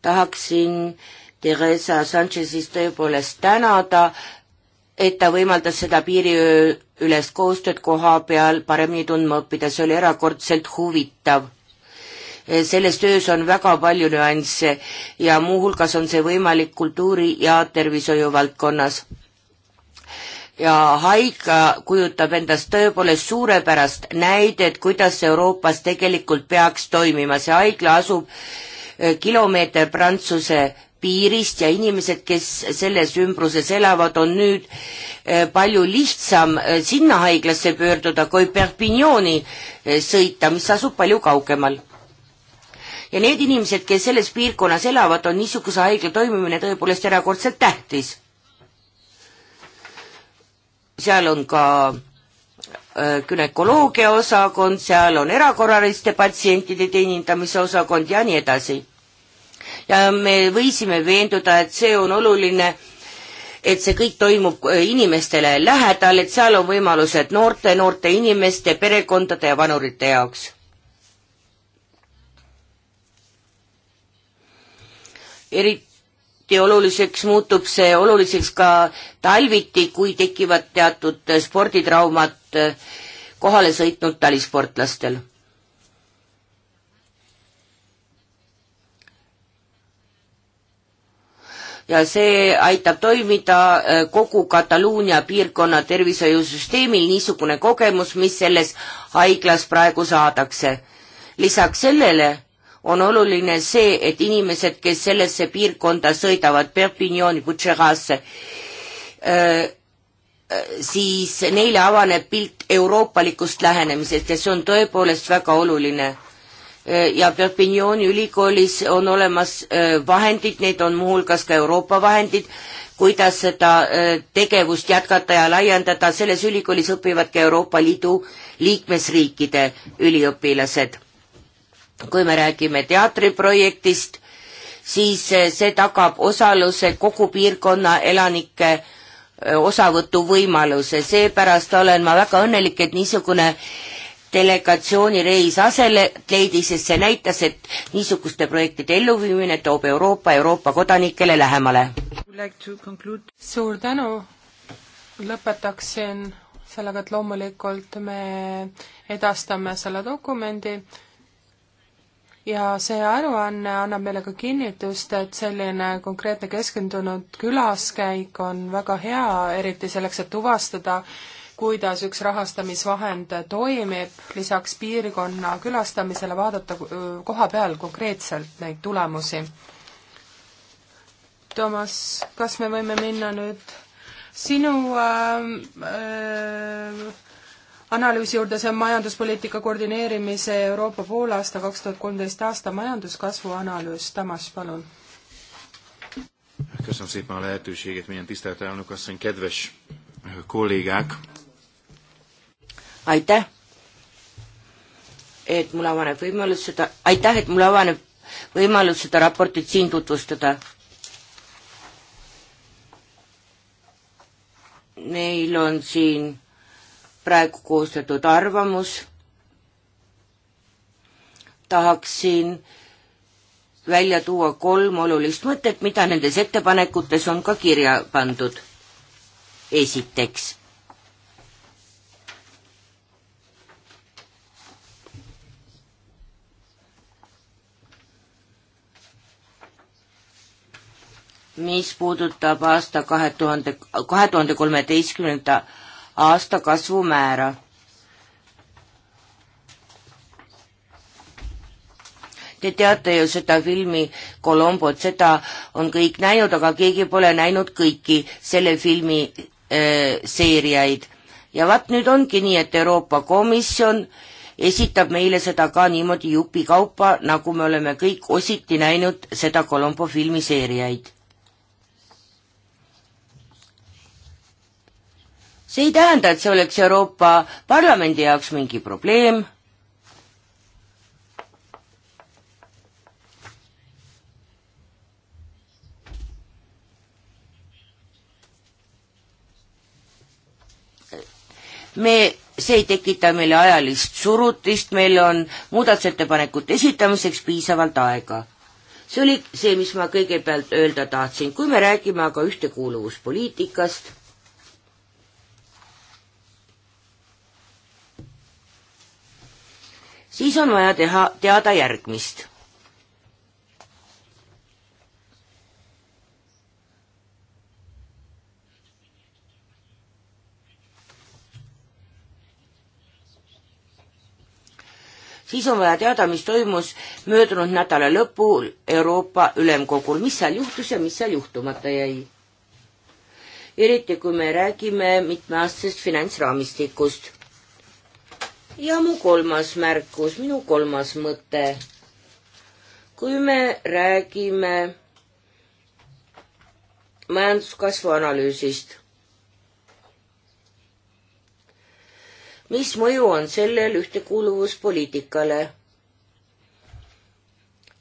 tahaksin Theresa Sanchezist tõepoolest tänada, et ta võimaldas seda piiriülest koostööd koha peal paremini tundma õppida, see oli erakordselt huvitav. Eh, selles töös on väga palju nüansse ja muuhulgas on see võimalik kultuuri- ja tervishoiu valdkonnas ja haigla kujutab endast tõepoolest suurepärast näidet, kuidas Euroopas tegelikult peaks toimima, see haigla asub eh, kilomeeter Prantsuse piirist ja inimesed, kes selles ümbruses elavad, on nüüd eh, palju lihtsam eh, sinna haiglasse pöörduda kui Perpignani sõita, mis asub palju kaugemal. ja need inimesed, kes selles piirkonnas elavad, on niisuguse haigla toimimine tõepoolest erakordselt tähtis seal on ka äh, günekoloogia osakond, seal on erakorraliste patsientide teenindamise osakond ja nii edasi. ja me võisime veenduda, et see on oluline, et see kõik toimub äh, inimestele lähedal, et seal on võimalused noorte, noorte inimeste, perekondade ja vanurite jaoks. eriti eriti oluliseks muutub see oluliseks ka talviti, kui tekivad teatud sporditraumad eh, kohale sõitnud talisportlastel. ja see aitab toimida eh, kogu Kataluunia piirkonna tervishoiusüsteemil, niisugune kogemus, mis selles haiglas praegu saadakse. lisaks sellele on oluline see, et inimesed, kes sellesse piirkonda sõidavad Perpignani, Butšerasse, äh, äh, siis neile avaneb pilt euroopalikust lähenemisest ja see on tõepoolest väga oluline. Äh, ja Perpignani ülikoolis on olemas vahendid, need on muuhulgas ka Euroopa vahendid, kuidas seda tegevust jätkata ja laiendada, selles ülikoolis õpivad ka Euroopa Liidu liikmesriikide üliõpilased kui me räägime teatriprojektist, siis eh, see tagab osaluse kogu piirkonna elanike eh, osavõtuvõimaluse, seepärast olen ma väga õnnelik, et niisugune delegatsioonireis aset leidis, sest see näitas, et niisuguste projektide elluviimine toob Euroopa Euroopa kodanikele lähemale. suur tänu, lõpetaksin sellega, et loomulikult me edastame selle dokumendi ja see aruanne annab meile ka kinnitust, et selline konkreetne keskendunud külaskäik on väga hea, eriti selleks, et tuvastada, kuidas üks rahastamisvahend toimib, lisaks piirkonna külastamisele vaadata äh, koha peal konkreetselt neid tulemusi. Toomas, kas me võime minna nüüd sinu äh, äh, analüüsi juurde, see on majanduspoliitika koordineerimise Euroopa poolaasta kaks tuhat kolmteist aasta majanduskasvu analüüs, Tamas, palun. köszönöm szépen a lehetőséget, milyen tisztelt elnök asszony, kedves kollégák! aitäh, et mul avaneb võimalus seda, aitäh, et mul avaneb võimalus seda raportit siin tutvustada. meil on siin praegu koostatud arvamus. tahaksin välja tuua kolm olulist mõtet, mida nendes ettepanekutes on ka kirja pandud. esiteks. mis puudutab aasta kahe tuhande, kahe tuhande kolmeteistkümnenda aasta kasvumäära. Te teate ju seda filmi Kolombot, seda on kõik näinud, aga keegi pole näinud kõiki selle filmi äh, seeriaid. ja vaat nüüd ongi nii, et Euroopa Komisjon esitab meile seda ka niimoodi jupikaupa, nagu me oleme kõik ositi näinud seda Colombo filmiseeriaid see ei tähenda, et see oleks Euroopa Parlamendi jaoks mingi probleem. me, see ei tekita meile ajalist surutist, meil on muudatusettepanekute esitamiseks piisavalt aega see oli see, mis ma kõigepealt öelda tahtsin, kui me räägime aga ühtekuuluvuspoliitikast siis on vaja teha, teada järgmist. siis on vaja teada, mis toimus möödunud nädala lõpul Euroopa Ülemkogul, mis seal juhtus ja mis seal juhtumata jäi. eriti, kui me räägime mitmeaastasest finantsraamistikust ja mu kolmas märkus, minu kolmas mõte. kui me räägime majanduskasvu analüüsist, mis mõju on sellel ühtekuuluvuspoliitikale?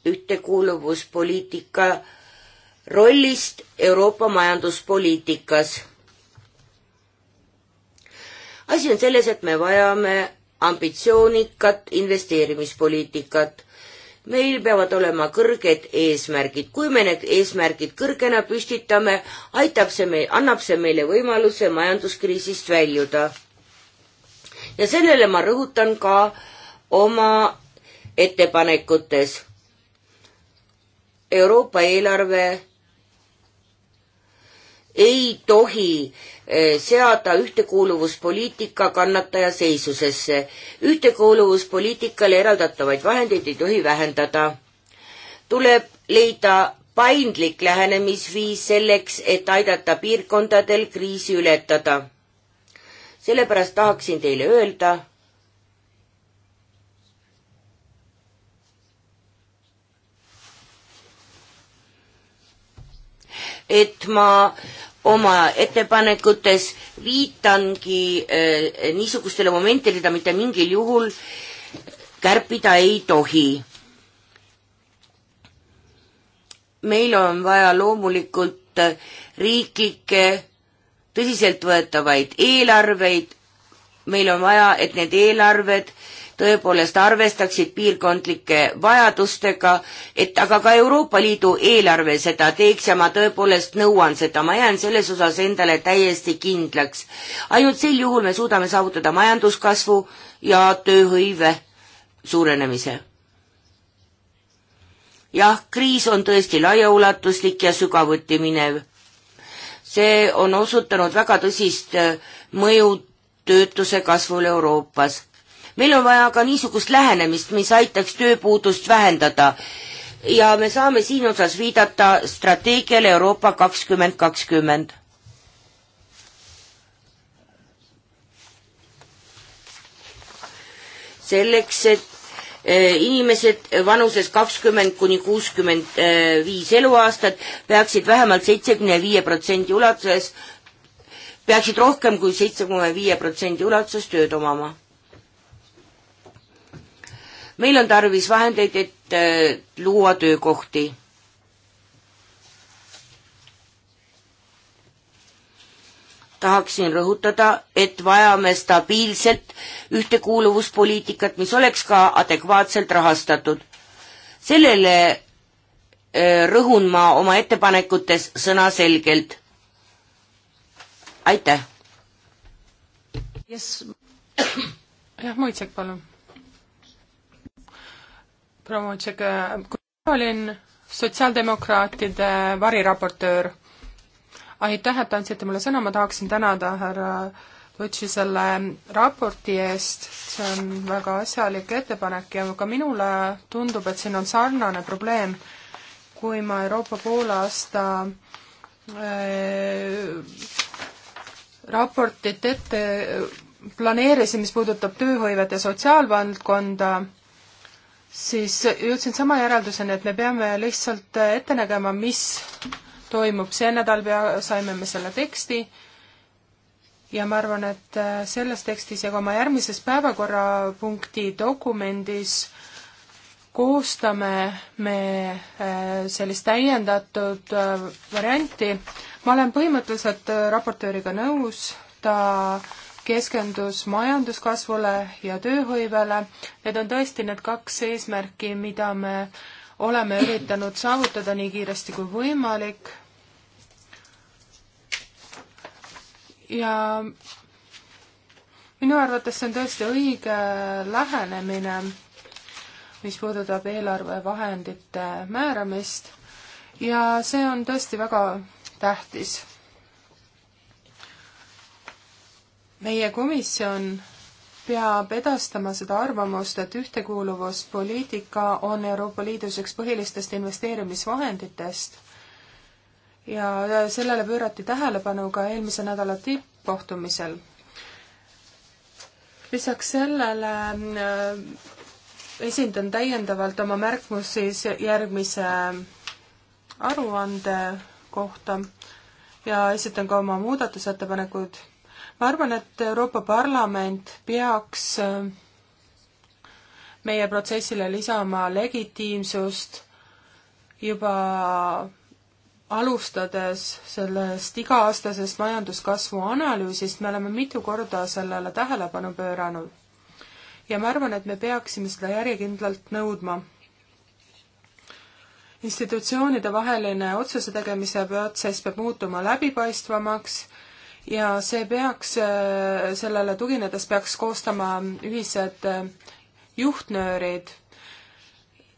ühtekuuluvuspoliitika rollist Euroopa majanduspoliitikas. asi on selles, et me vajame ambitsioonikat investeerimispoliitikat. meil peavad olema kõrged eesmärgid, kui me need eesmärgid kõrgena püstitame, aitab see meil, annab see meile võimaluse majanduskriisist väljuda. ja sellele ma rõhutan ka oma ettepanekutes. Euroopa eelarve ei tohi eh, seada ühtekuuluvuspoliitika kannataja seisusesse. ühtekuuluvuspoliitikale eraldatavaid vahendeid ei tohi vähendada. tuleb leida paindlik lähenemisviis selleks, et aidata piirkondadel kriisi ületada. sellepärast tahaksin teile öelda, et ma oma ettepanekutes viitangi eh, niisugustele momentidele, mida mitte mingil juhul kärpida ei tohi. meil on vaja loomulikult riiklikke tõsiseltvõetavaid eelarveid, meil on vaja, et need eelarved äh, tõepoolest arvestaksid piirkondlike vajadustega, et aga ka Euroopa Liidu eelarve seda teeks ja ma tõepoolest nõuan seda, ma jään selles osas endale täiesti kindlaks. ainult sel juhul me suudame saavutada majanduskasvu ja tööhõive suurenemise. jah, kriis on tõesti laiaulatuslik ja sügavuti minev. see on osutanud väga tõsist mõju töötuse kasvul Euroopas meil on vaja ka niisugust lähenemist, mis aitaks tööpuudust vähendada ja me saame siin osas viidata strateegiale Euroopa kakskümmend kakskümmend. selleks, et eh, inimesed vanuses kakskümmend kuni kuuskümmend eh, viis eluaastat peaksid vähemalt seitsekümne viie protsendi ulatuses peaksid rohkem kui seitse koma viie protsendi ulatuses tööd omama meil on tarvis vahendeid, et äh, luua töökohti. tahaksin rõhutada, et vajame stabiilset ühtekuuluvuspoliitikat, mis oleks ka adekvaatselt rahastatud. sellele äh, rõhun ma oma ettepanekutes sõnaselgelt. aitäh yes.. jah, Muitsek, palun proua Otsega, mina olin sotsiaaldemokraatide variraportöör. aitäh, et andsite mulle sõna, ma tahaksin tänada härra Võtsi selle raporti eest, see on väga asjalik ettepanek ja ka minule tundub, et siin on sarnane probleem, kui ma Euroopa poolaasta äh, raportit ette planeerisin, mis puudutab tööhõivet ja sotsiaalvaldkonda siis jõudsin sama järelduseni, et me peame lihtsalt ette nägema, mis toimub. see nädal pea, saime me selle teksti ja ma arvan, et selles tekstis ja ka oma järgmises päevakorrapunkti dokumendis koostame me äh, sellist täiendatud äh, varianti. ma olen põhimõtteliselt äh, raportööriga nõus, ta keskendus majanduskasvule ja tööhõivele. Need on tõesti need kaks eesmärki, mida me oleme üritanud saavutada nii kiiresti kui võimalik. ja minu arvates see on tõesti õige lähenemine, mis puudutab eelarvevahendite määramist ja see on tõesti väga tähtis meie komisjon peab edastama seda arvamust, et ühtekuuluvuspoliitika on Euroopa Liidus üks põhilistest investeerimisvahenditest ja sellele pöörati tähelepanu ka eelmise nädala tippkohtumisel. lisaks sellele äh, esindan täiendavalt oma märkmusi järgmise aruande kohta ja esitan ka oma muudatusettepanekud ma arvan, et Euroopa Parlament peaks äh, meie protsessile lisama legitiimsust juba alustades sellest iga-aastasest majanduskasvu analüüsist, me oleme mitu korda sellele tähelepanu pööranud. ja ma arvan, et me peaksime seda järjekindlalt nõudma. institutsioonide vaheline otsuse tegemise protsess peab muutuma läbipaistvamaks ja see peaks, äh, sellele tuginedes peaks koostama ühised äh, juhtnöörid.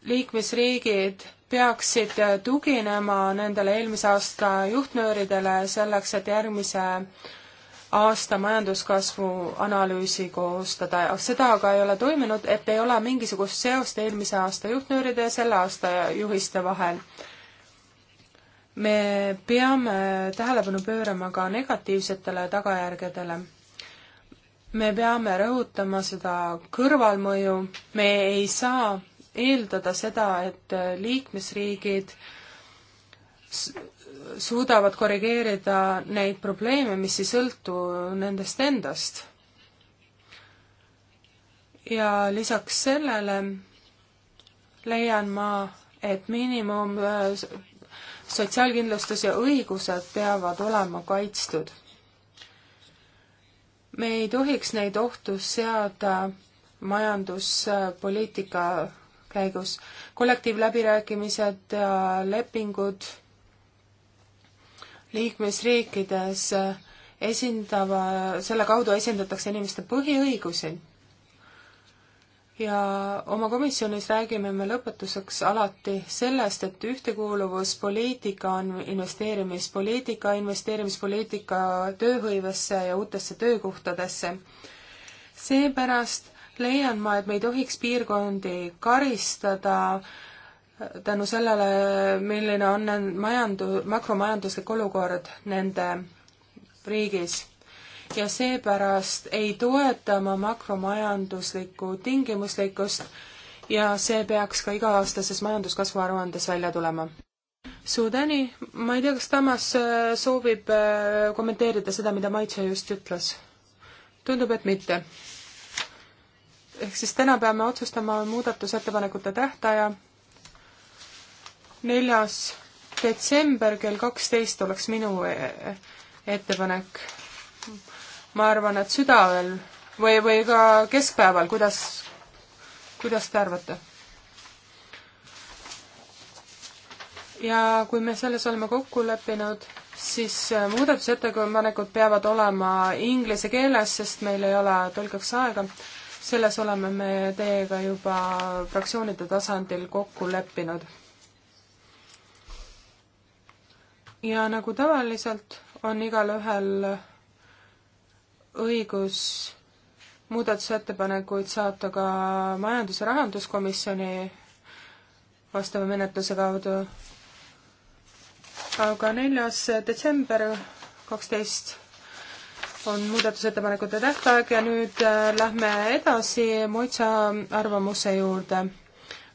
liikmesriigid peaksid äh, tuginema nendele eelmise aasta juhtnööridele selleks, et järgmise aasta majanduskasvu analüüsi koostada, seda aga ei ole toiminud, et ei ole mingisugust seost eelmise aasta juhtnööride ja selle aasta juhiste vahel me peame tähelepanu pöörama ka negatiivsetele tagajärgedele. me peame rõhutama seda kõrvalmõju, me ei saa eeldada seda, et liikmesriigid suudavad korrigeerida neid probleeme, mis ei sõltu nendest endast. ja lisaks sellele leian ma, et miinimum äh, sotsiaalkindlustus ja õigused peavad olema kaitstud. me ei tohiks neid ohtu seada majanduspoliitika käigus. kollektiivläbirääkimised ja lepingud liikmesriikides esindava, selle kaudu esindatakse inimeste põhiõigusi ja oma komisjonis räägime me lõpetuseks alati sellest, et ühtekuuluvuspoliitika on investeerimispoliitika, investeerimispoliitika tööhõivesse ja uutesse töökohtadesse. seepärast leian ma, et me ei tohiks piirkondi karistada tänu sellele, milline on majandu-, makromajanduslik olukord nende riigis ja seepärast ei toeta ma makromajanduslikku tingimuslikkust ja see peaks ka iga-aastases majanduskasvu aruandes välja tulema. suur tänu, ma ei tea, kas Tamas äh, soovib äh, kommenteerida seda, mida Maitse just ütles? tundub, et mitte. ehk siis täna peame otsustama muudatusettepanekute tähtaja. neljas detsember kell kaksteist oleks minu äh, ettepanek ma arvan, et südaööl või, või ka keskpäeval, kuidas, kuidas te arvate? ja kui me selles oleme kokku leppinud, siis äh, muudatusettepanekud peavad olema inglise keeles, sest meil ei ole tõlgeks aega. selles oleme me teiega juba fraktsioonide tasandil kokku leppinud. ja nagu tavaliselt, on igalühel õigus muudatusettepanekuid saata ka Majandus- ja Rahanduskomisjoni vastava menetluse kaudu. aga neljas detsember kaksteist on muudatusettepanekute tähtaeg ja nüüd äh, lähme edasi Moitsa arvamuse juurde.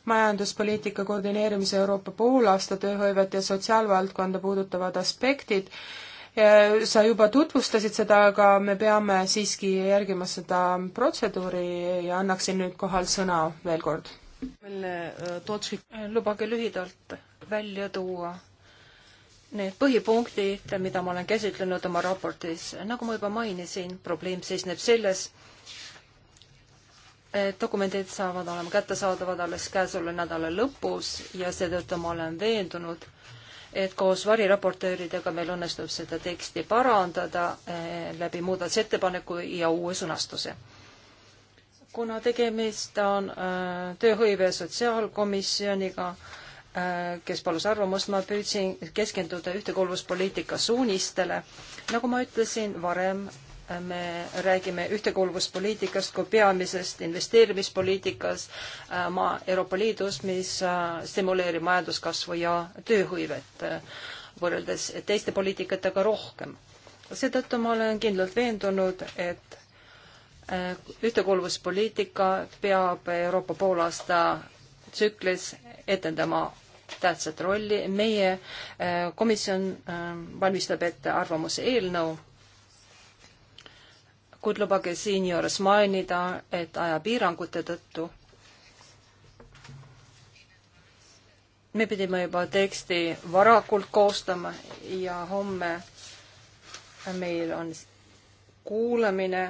majanduspoliitika koordineerimise Euroopa poolaasta tööhõivet ja sotsiaalvaldkonda puudutavad aspektid sa juba tutvustasid seda, aga me peame siiski järgima seda protseduuri ja annaksin nüüd kohal sõna veel kord. Äh, lubage lühidalt välja tuua need põhipunktid, mida ma olen käsitlenud oma raportis. nagu ma juba mainisin, probleem seisneb selles, et dokumendid saavad olema kättesaadavad alles käesoleva nädala lõpus ja seetõttu ma olen veendunud, et koos variraportööridega meil õnnestub seda teksti parandada eh, läbi muudatusettepaneku ja uue sõnastuse. kuna tegemist on eh, tööhõive sotsiaalkomisjoniga, eh, kes palus arvamust, ma püüdsin keskenduda ühtekuuluvuspoliitika suunistele. nagu ma ütlesin varem, me räägime ühtekuuluvuspoliitikast kui peamisest investeerimispoliitikast äh, maa Euroopa Liidus, mis äh, stimuleerib majanduskasvu ja tööhõivet äh, võrreldes teiste poliitikatega rohkem. seetõttu ma olen kindlalt veendunud, et ühtekuuluvuspoliitika peab Euroopa poolaasta tsüklis etendama tähtsat rolli. meie komisjon valmistab ette arvamuse eelnõu kuid lubage siinjuures mainida, et ajapiirangute tõttu me pidime juba teksti varakult koostama ja homme meil on kuulamine.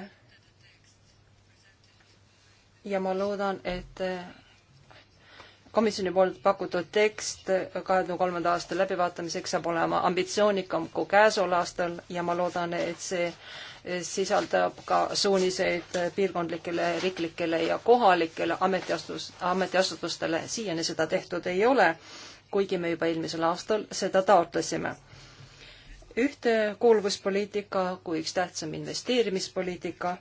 ja ma loodan, et komisjoni poolt pakutud tekst kahe tuhande kolmanda aasta läbivaatamiseks saab olema ambitsioonikam kui käesoleval aastal ja ma loodan, et see sisaldab ka suuniseid piirkondlikele, riiklikele ja kohalikele ametiastus, ametiasutustele. siiani seda tehtud ei ole, kuigi me juba eelmisel aastal seda taotlesime. ühtekuuluvuspoliitika kui üks tähtsam investeerimispoliitika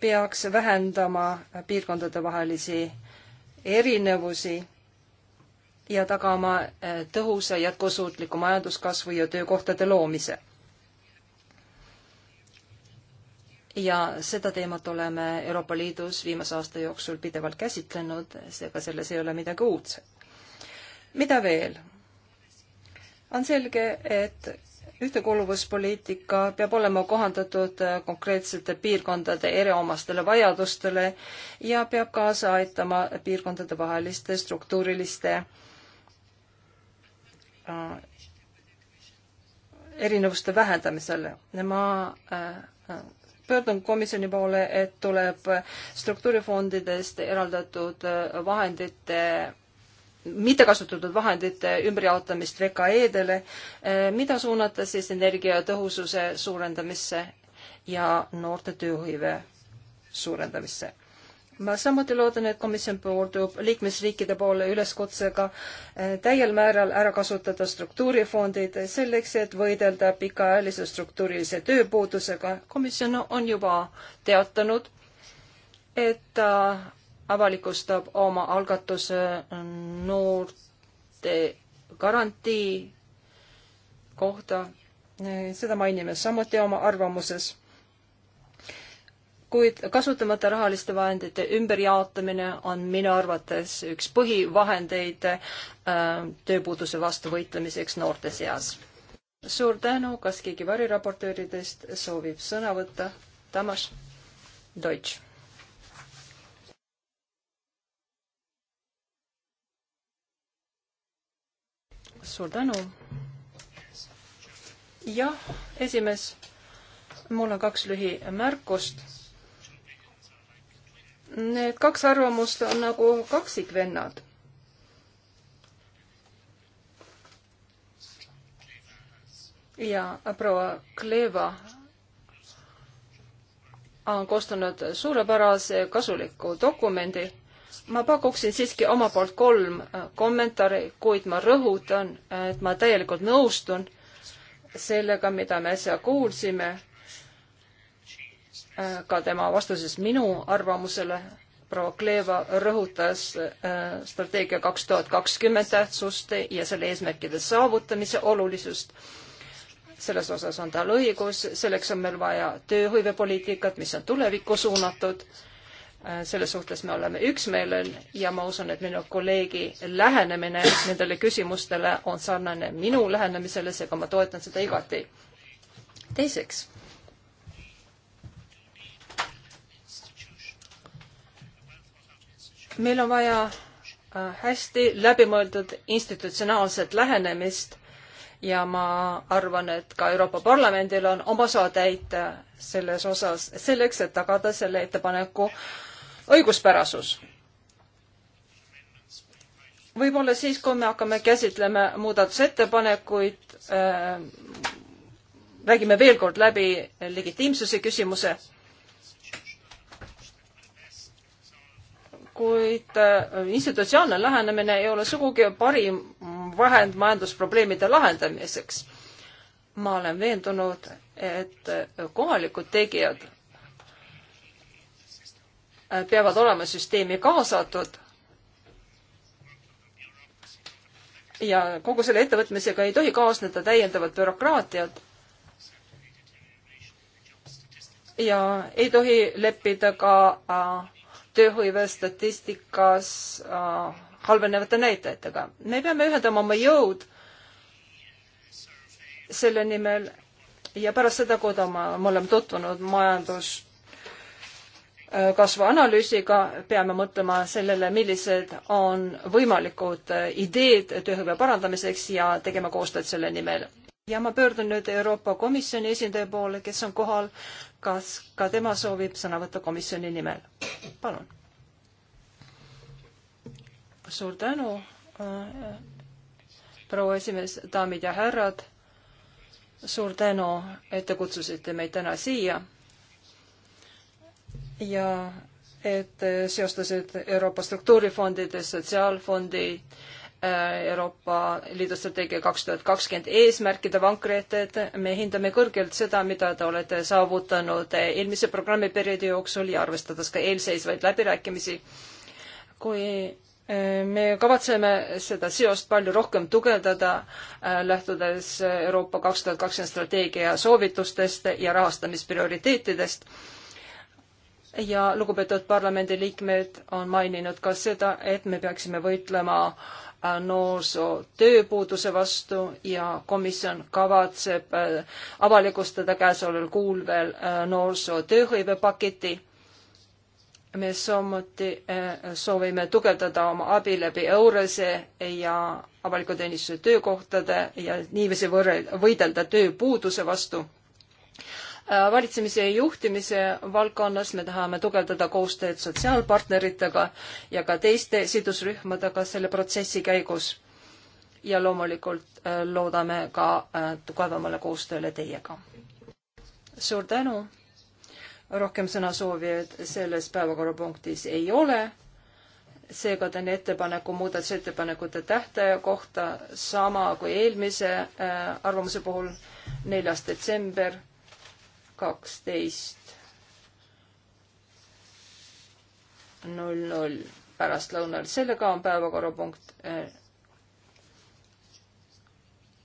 peaks vähendama piirkondadevahelisi erinevusi ja tagama eh, tõhusa jätkusuutliku majanduskasvu ja töökohtade loomise ja seda teemat oleme Euroopa Liidus viimase aasta jooksul pidevalt käsitlenud, seega selles ei ole midagi uudset. mida veel? on selge, et ühtekuuluvuspoliitika peab olema kohandatud konkreetsete piirkondade eriomastele vajadustele ja peab kaasa aitama piirkondade vaheliste struktuuriliste äh, erinevuste vähendamisele. ma äh, pöördun komisjoni poole, et tuleb struktuurifondidest eraldatud vahendite mittekasutatud vahendite ümberjaotamist VKE-dele, mida suunata siis energiatõhususe suurendamisse ja noorte tööhõive suurendamisse ma samuti loodan, et komisjon pöördub liikmesriikide poole üleskutsega eh, täiel määral ära kasutada struktuurifondid selleks, et võidelda pikaajalise struktuurilise tööpuudusega. komisjon on juba teatanud, et ta äh, avalikustab oma algatuse äh, noorte garantii kohta. Äh, seda mainime samuti oma arvamuses kuid kasutamata rahaliste vahendite ümberjaotamine on minu arvates üks põhivahendeid äh, tööpuuduse vastu võitlemiseks noorte seas. suur tänu, kas keegi variraportööridest soovib sõna võtta? Tamas Deutsch. suur tänu. jah, esimees, mul on kaks lühimärkust Need kaks arvamust on nagu kaksikvennad. ja proua Kleva on koostanud suurepärase kasuliku dokumendi. ma pakuksin siiski oma poolt kolm äh, kommentaari, kuid ma rõhutan, et ma täielikult nõustun sellega, mida me äsja kuulsime ka tema vastuses minu arvamusele. proua Kleeva rõhutas äh, strateegia kaks tuhat kakskümmend tähtsust ja selle eesmärkide saavutamise olulisust selles osas on tal õigus, selleks on meil vaja tööhõivepoliitikat, mis on tulevikku suunatud. Äh, selles suhtes me oleme üksmeelel ja ma usun, et minu kolleegi lähenemine nendele küsimustele on sarnane minu lähenemisele, seega ma toetan seda igati. teiseks meil on vaja äh, hästi läbimõeldud institutsionaalset lähenemist ja ma arvan, et ka Euroopa Parlamendil on oma osa täita äh, selles osas selleks, et tagada selle ettepaneku õiguspärasus. võib-olla siis, kui me hakkame käsitlema muudatusettepanekuid äh,, räägime veel kord läbi legitiimsuse küsimuse kuid äh, institutsionaalne lähenemine ei ole sugugi parim vahend majandusprobleemide lahendamiseks. ma olen veendunud, et kohalikud tegijad äh, peavad olema süsteemi kaasatud ja kogu selle ettevõtmisega ei tohi kaasneda täiendavat bürokraatiat ja ei tohi leppida ka äh, tööhõivestatistikas äh, halvenevate näitajatega. me peame ühendama oma jõud selle nimel ja pärast seda, kui ma, me oleme tutvunud majandus äh, kasvu analüüsiga peame mõtlema sellele, millised on võimalikud äh, ideed tööhõive parandamiseks ja tegema koostööd selle nimel. ja ma pöördun nüüd Euroopa Komisjoni esindaja poole, kes on kohal kas ka tema soovib sõna võtta komisjoni nimel? palun. suur tänu, äh, proua esimees, daamid ja härrad. suur tänu, et te kutsusite meid täna siia. ja et seostasid Euroopa struktuurifondide, sotsiaalfondi Äh, Euroopa Liidu strateegia kaks tuhat kakskümmend eesmärkide vankreeted. me hindame kõrgelt seda, mida te olete saavutanud eelmise programmiperioodi jooksul ja arvestades ka eelseisvaid läbirääkimisi. kui äh, me kavatseme seda seost palju rohkem tugevdada, äh, lähtudes Euroopa kaks tuhat kakskümmend strateegia soovitustest ja rahastamisprioriteetidest ja lugupeetud parlamendiliikmed on maininud ka seda, et me peaksime võitlema noorsootööpuuduse vastu ja komisjon kavatseb äh, avalikustada käesoleval kuul veel äh, noorsootööhõivepaketi. me samuti äh, soovime tugevdada oma abi läbi EURES-e ja avaliku teenistuse töökohtade ja niiviisi võrrel-, võidelda tööpuuduse vastu Äh, valitsemise ja juhtimise valdkonnas me tahame tugevdada koostööd sotsiaalpartneritega ja ka teiste sidusrühmadega selle protsessi käigus. ja loomulikult äh, loodame ka äh, tugevamale koostööle teiega. suur tänu. rohkem sõnasoovijaid selles päevakorrapunktis ei ole. seega teen ettepaneku muudatusettepanekute tähtaja kohta sama kui eelmise arvamuse puhul, neljas detsember kaksteist null null pärastlõunal. sellega on päevakorrapunkt äh,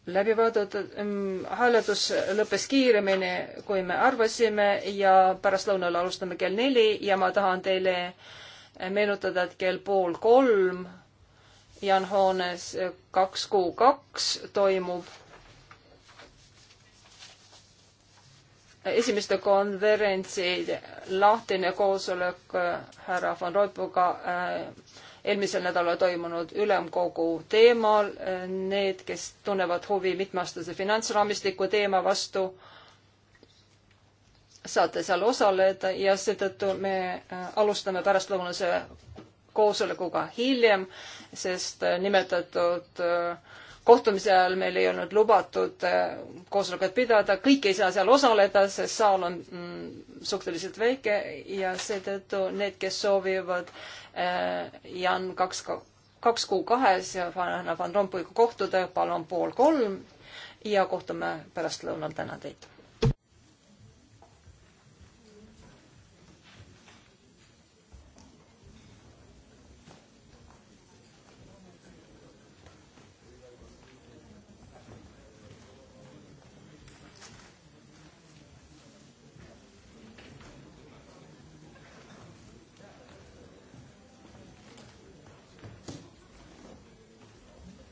läbi vaadatud. Mm, hääletus lõppes kiiremini, kui me arvasime ja pärastlõunal alustame kell neli ja ma tahan teile äh, meenutada, et kell pool kolm Jan hoones äh, kaks kuu kaks toimub esimeste konverentsi lahtine koosolek äh, härra von Roipuga äh, eelmisel nädalal toimunud ülemkogu teemal. Äh, need, kes tunnevad huvi mitmeaastase finantsraamistiku teema vastu, saate seal osaleda ja seetõttu me alustame pärastlõunase koosolekuga hiljem, sest nimetatud äh, kohtumise ajal meil ei olnud lubatud äh, koosolekut pidada, kõik ei saa seal osaleda, sest saal on mm, suhteliselt väike ja seetõttu need, kes soovivad äh, Jan kaks, kaks kuu kahes ja Van, Van Rompuyga kohtuda, palun pool kolm ja kohtume pärastlõunal täna teid.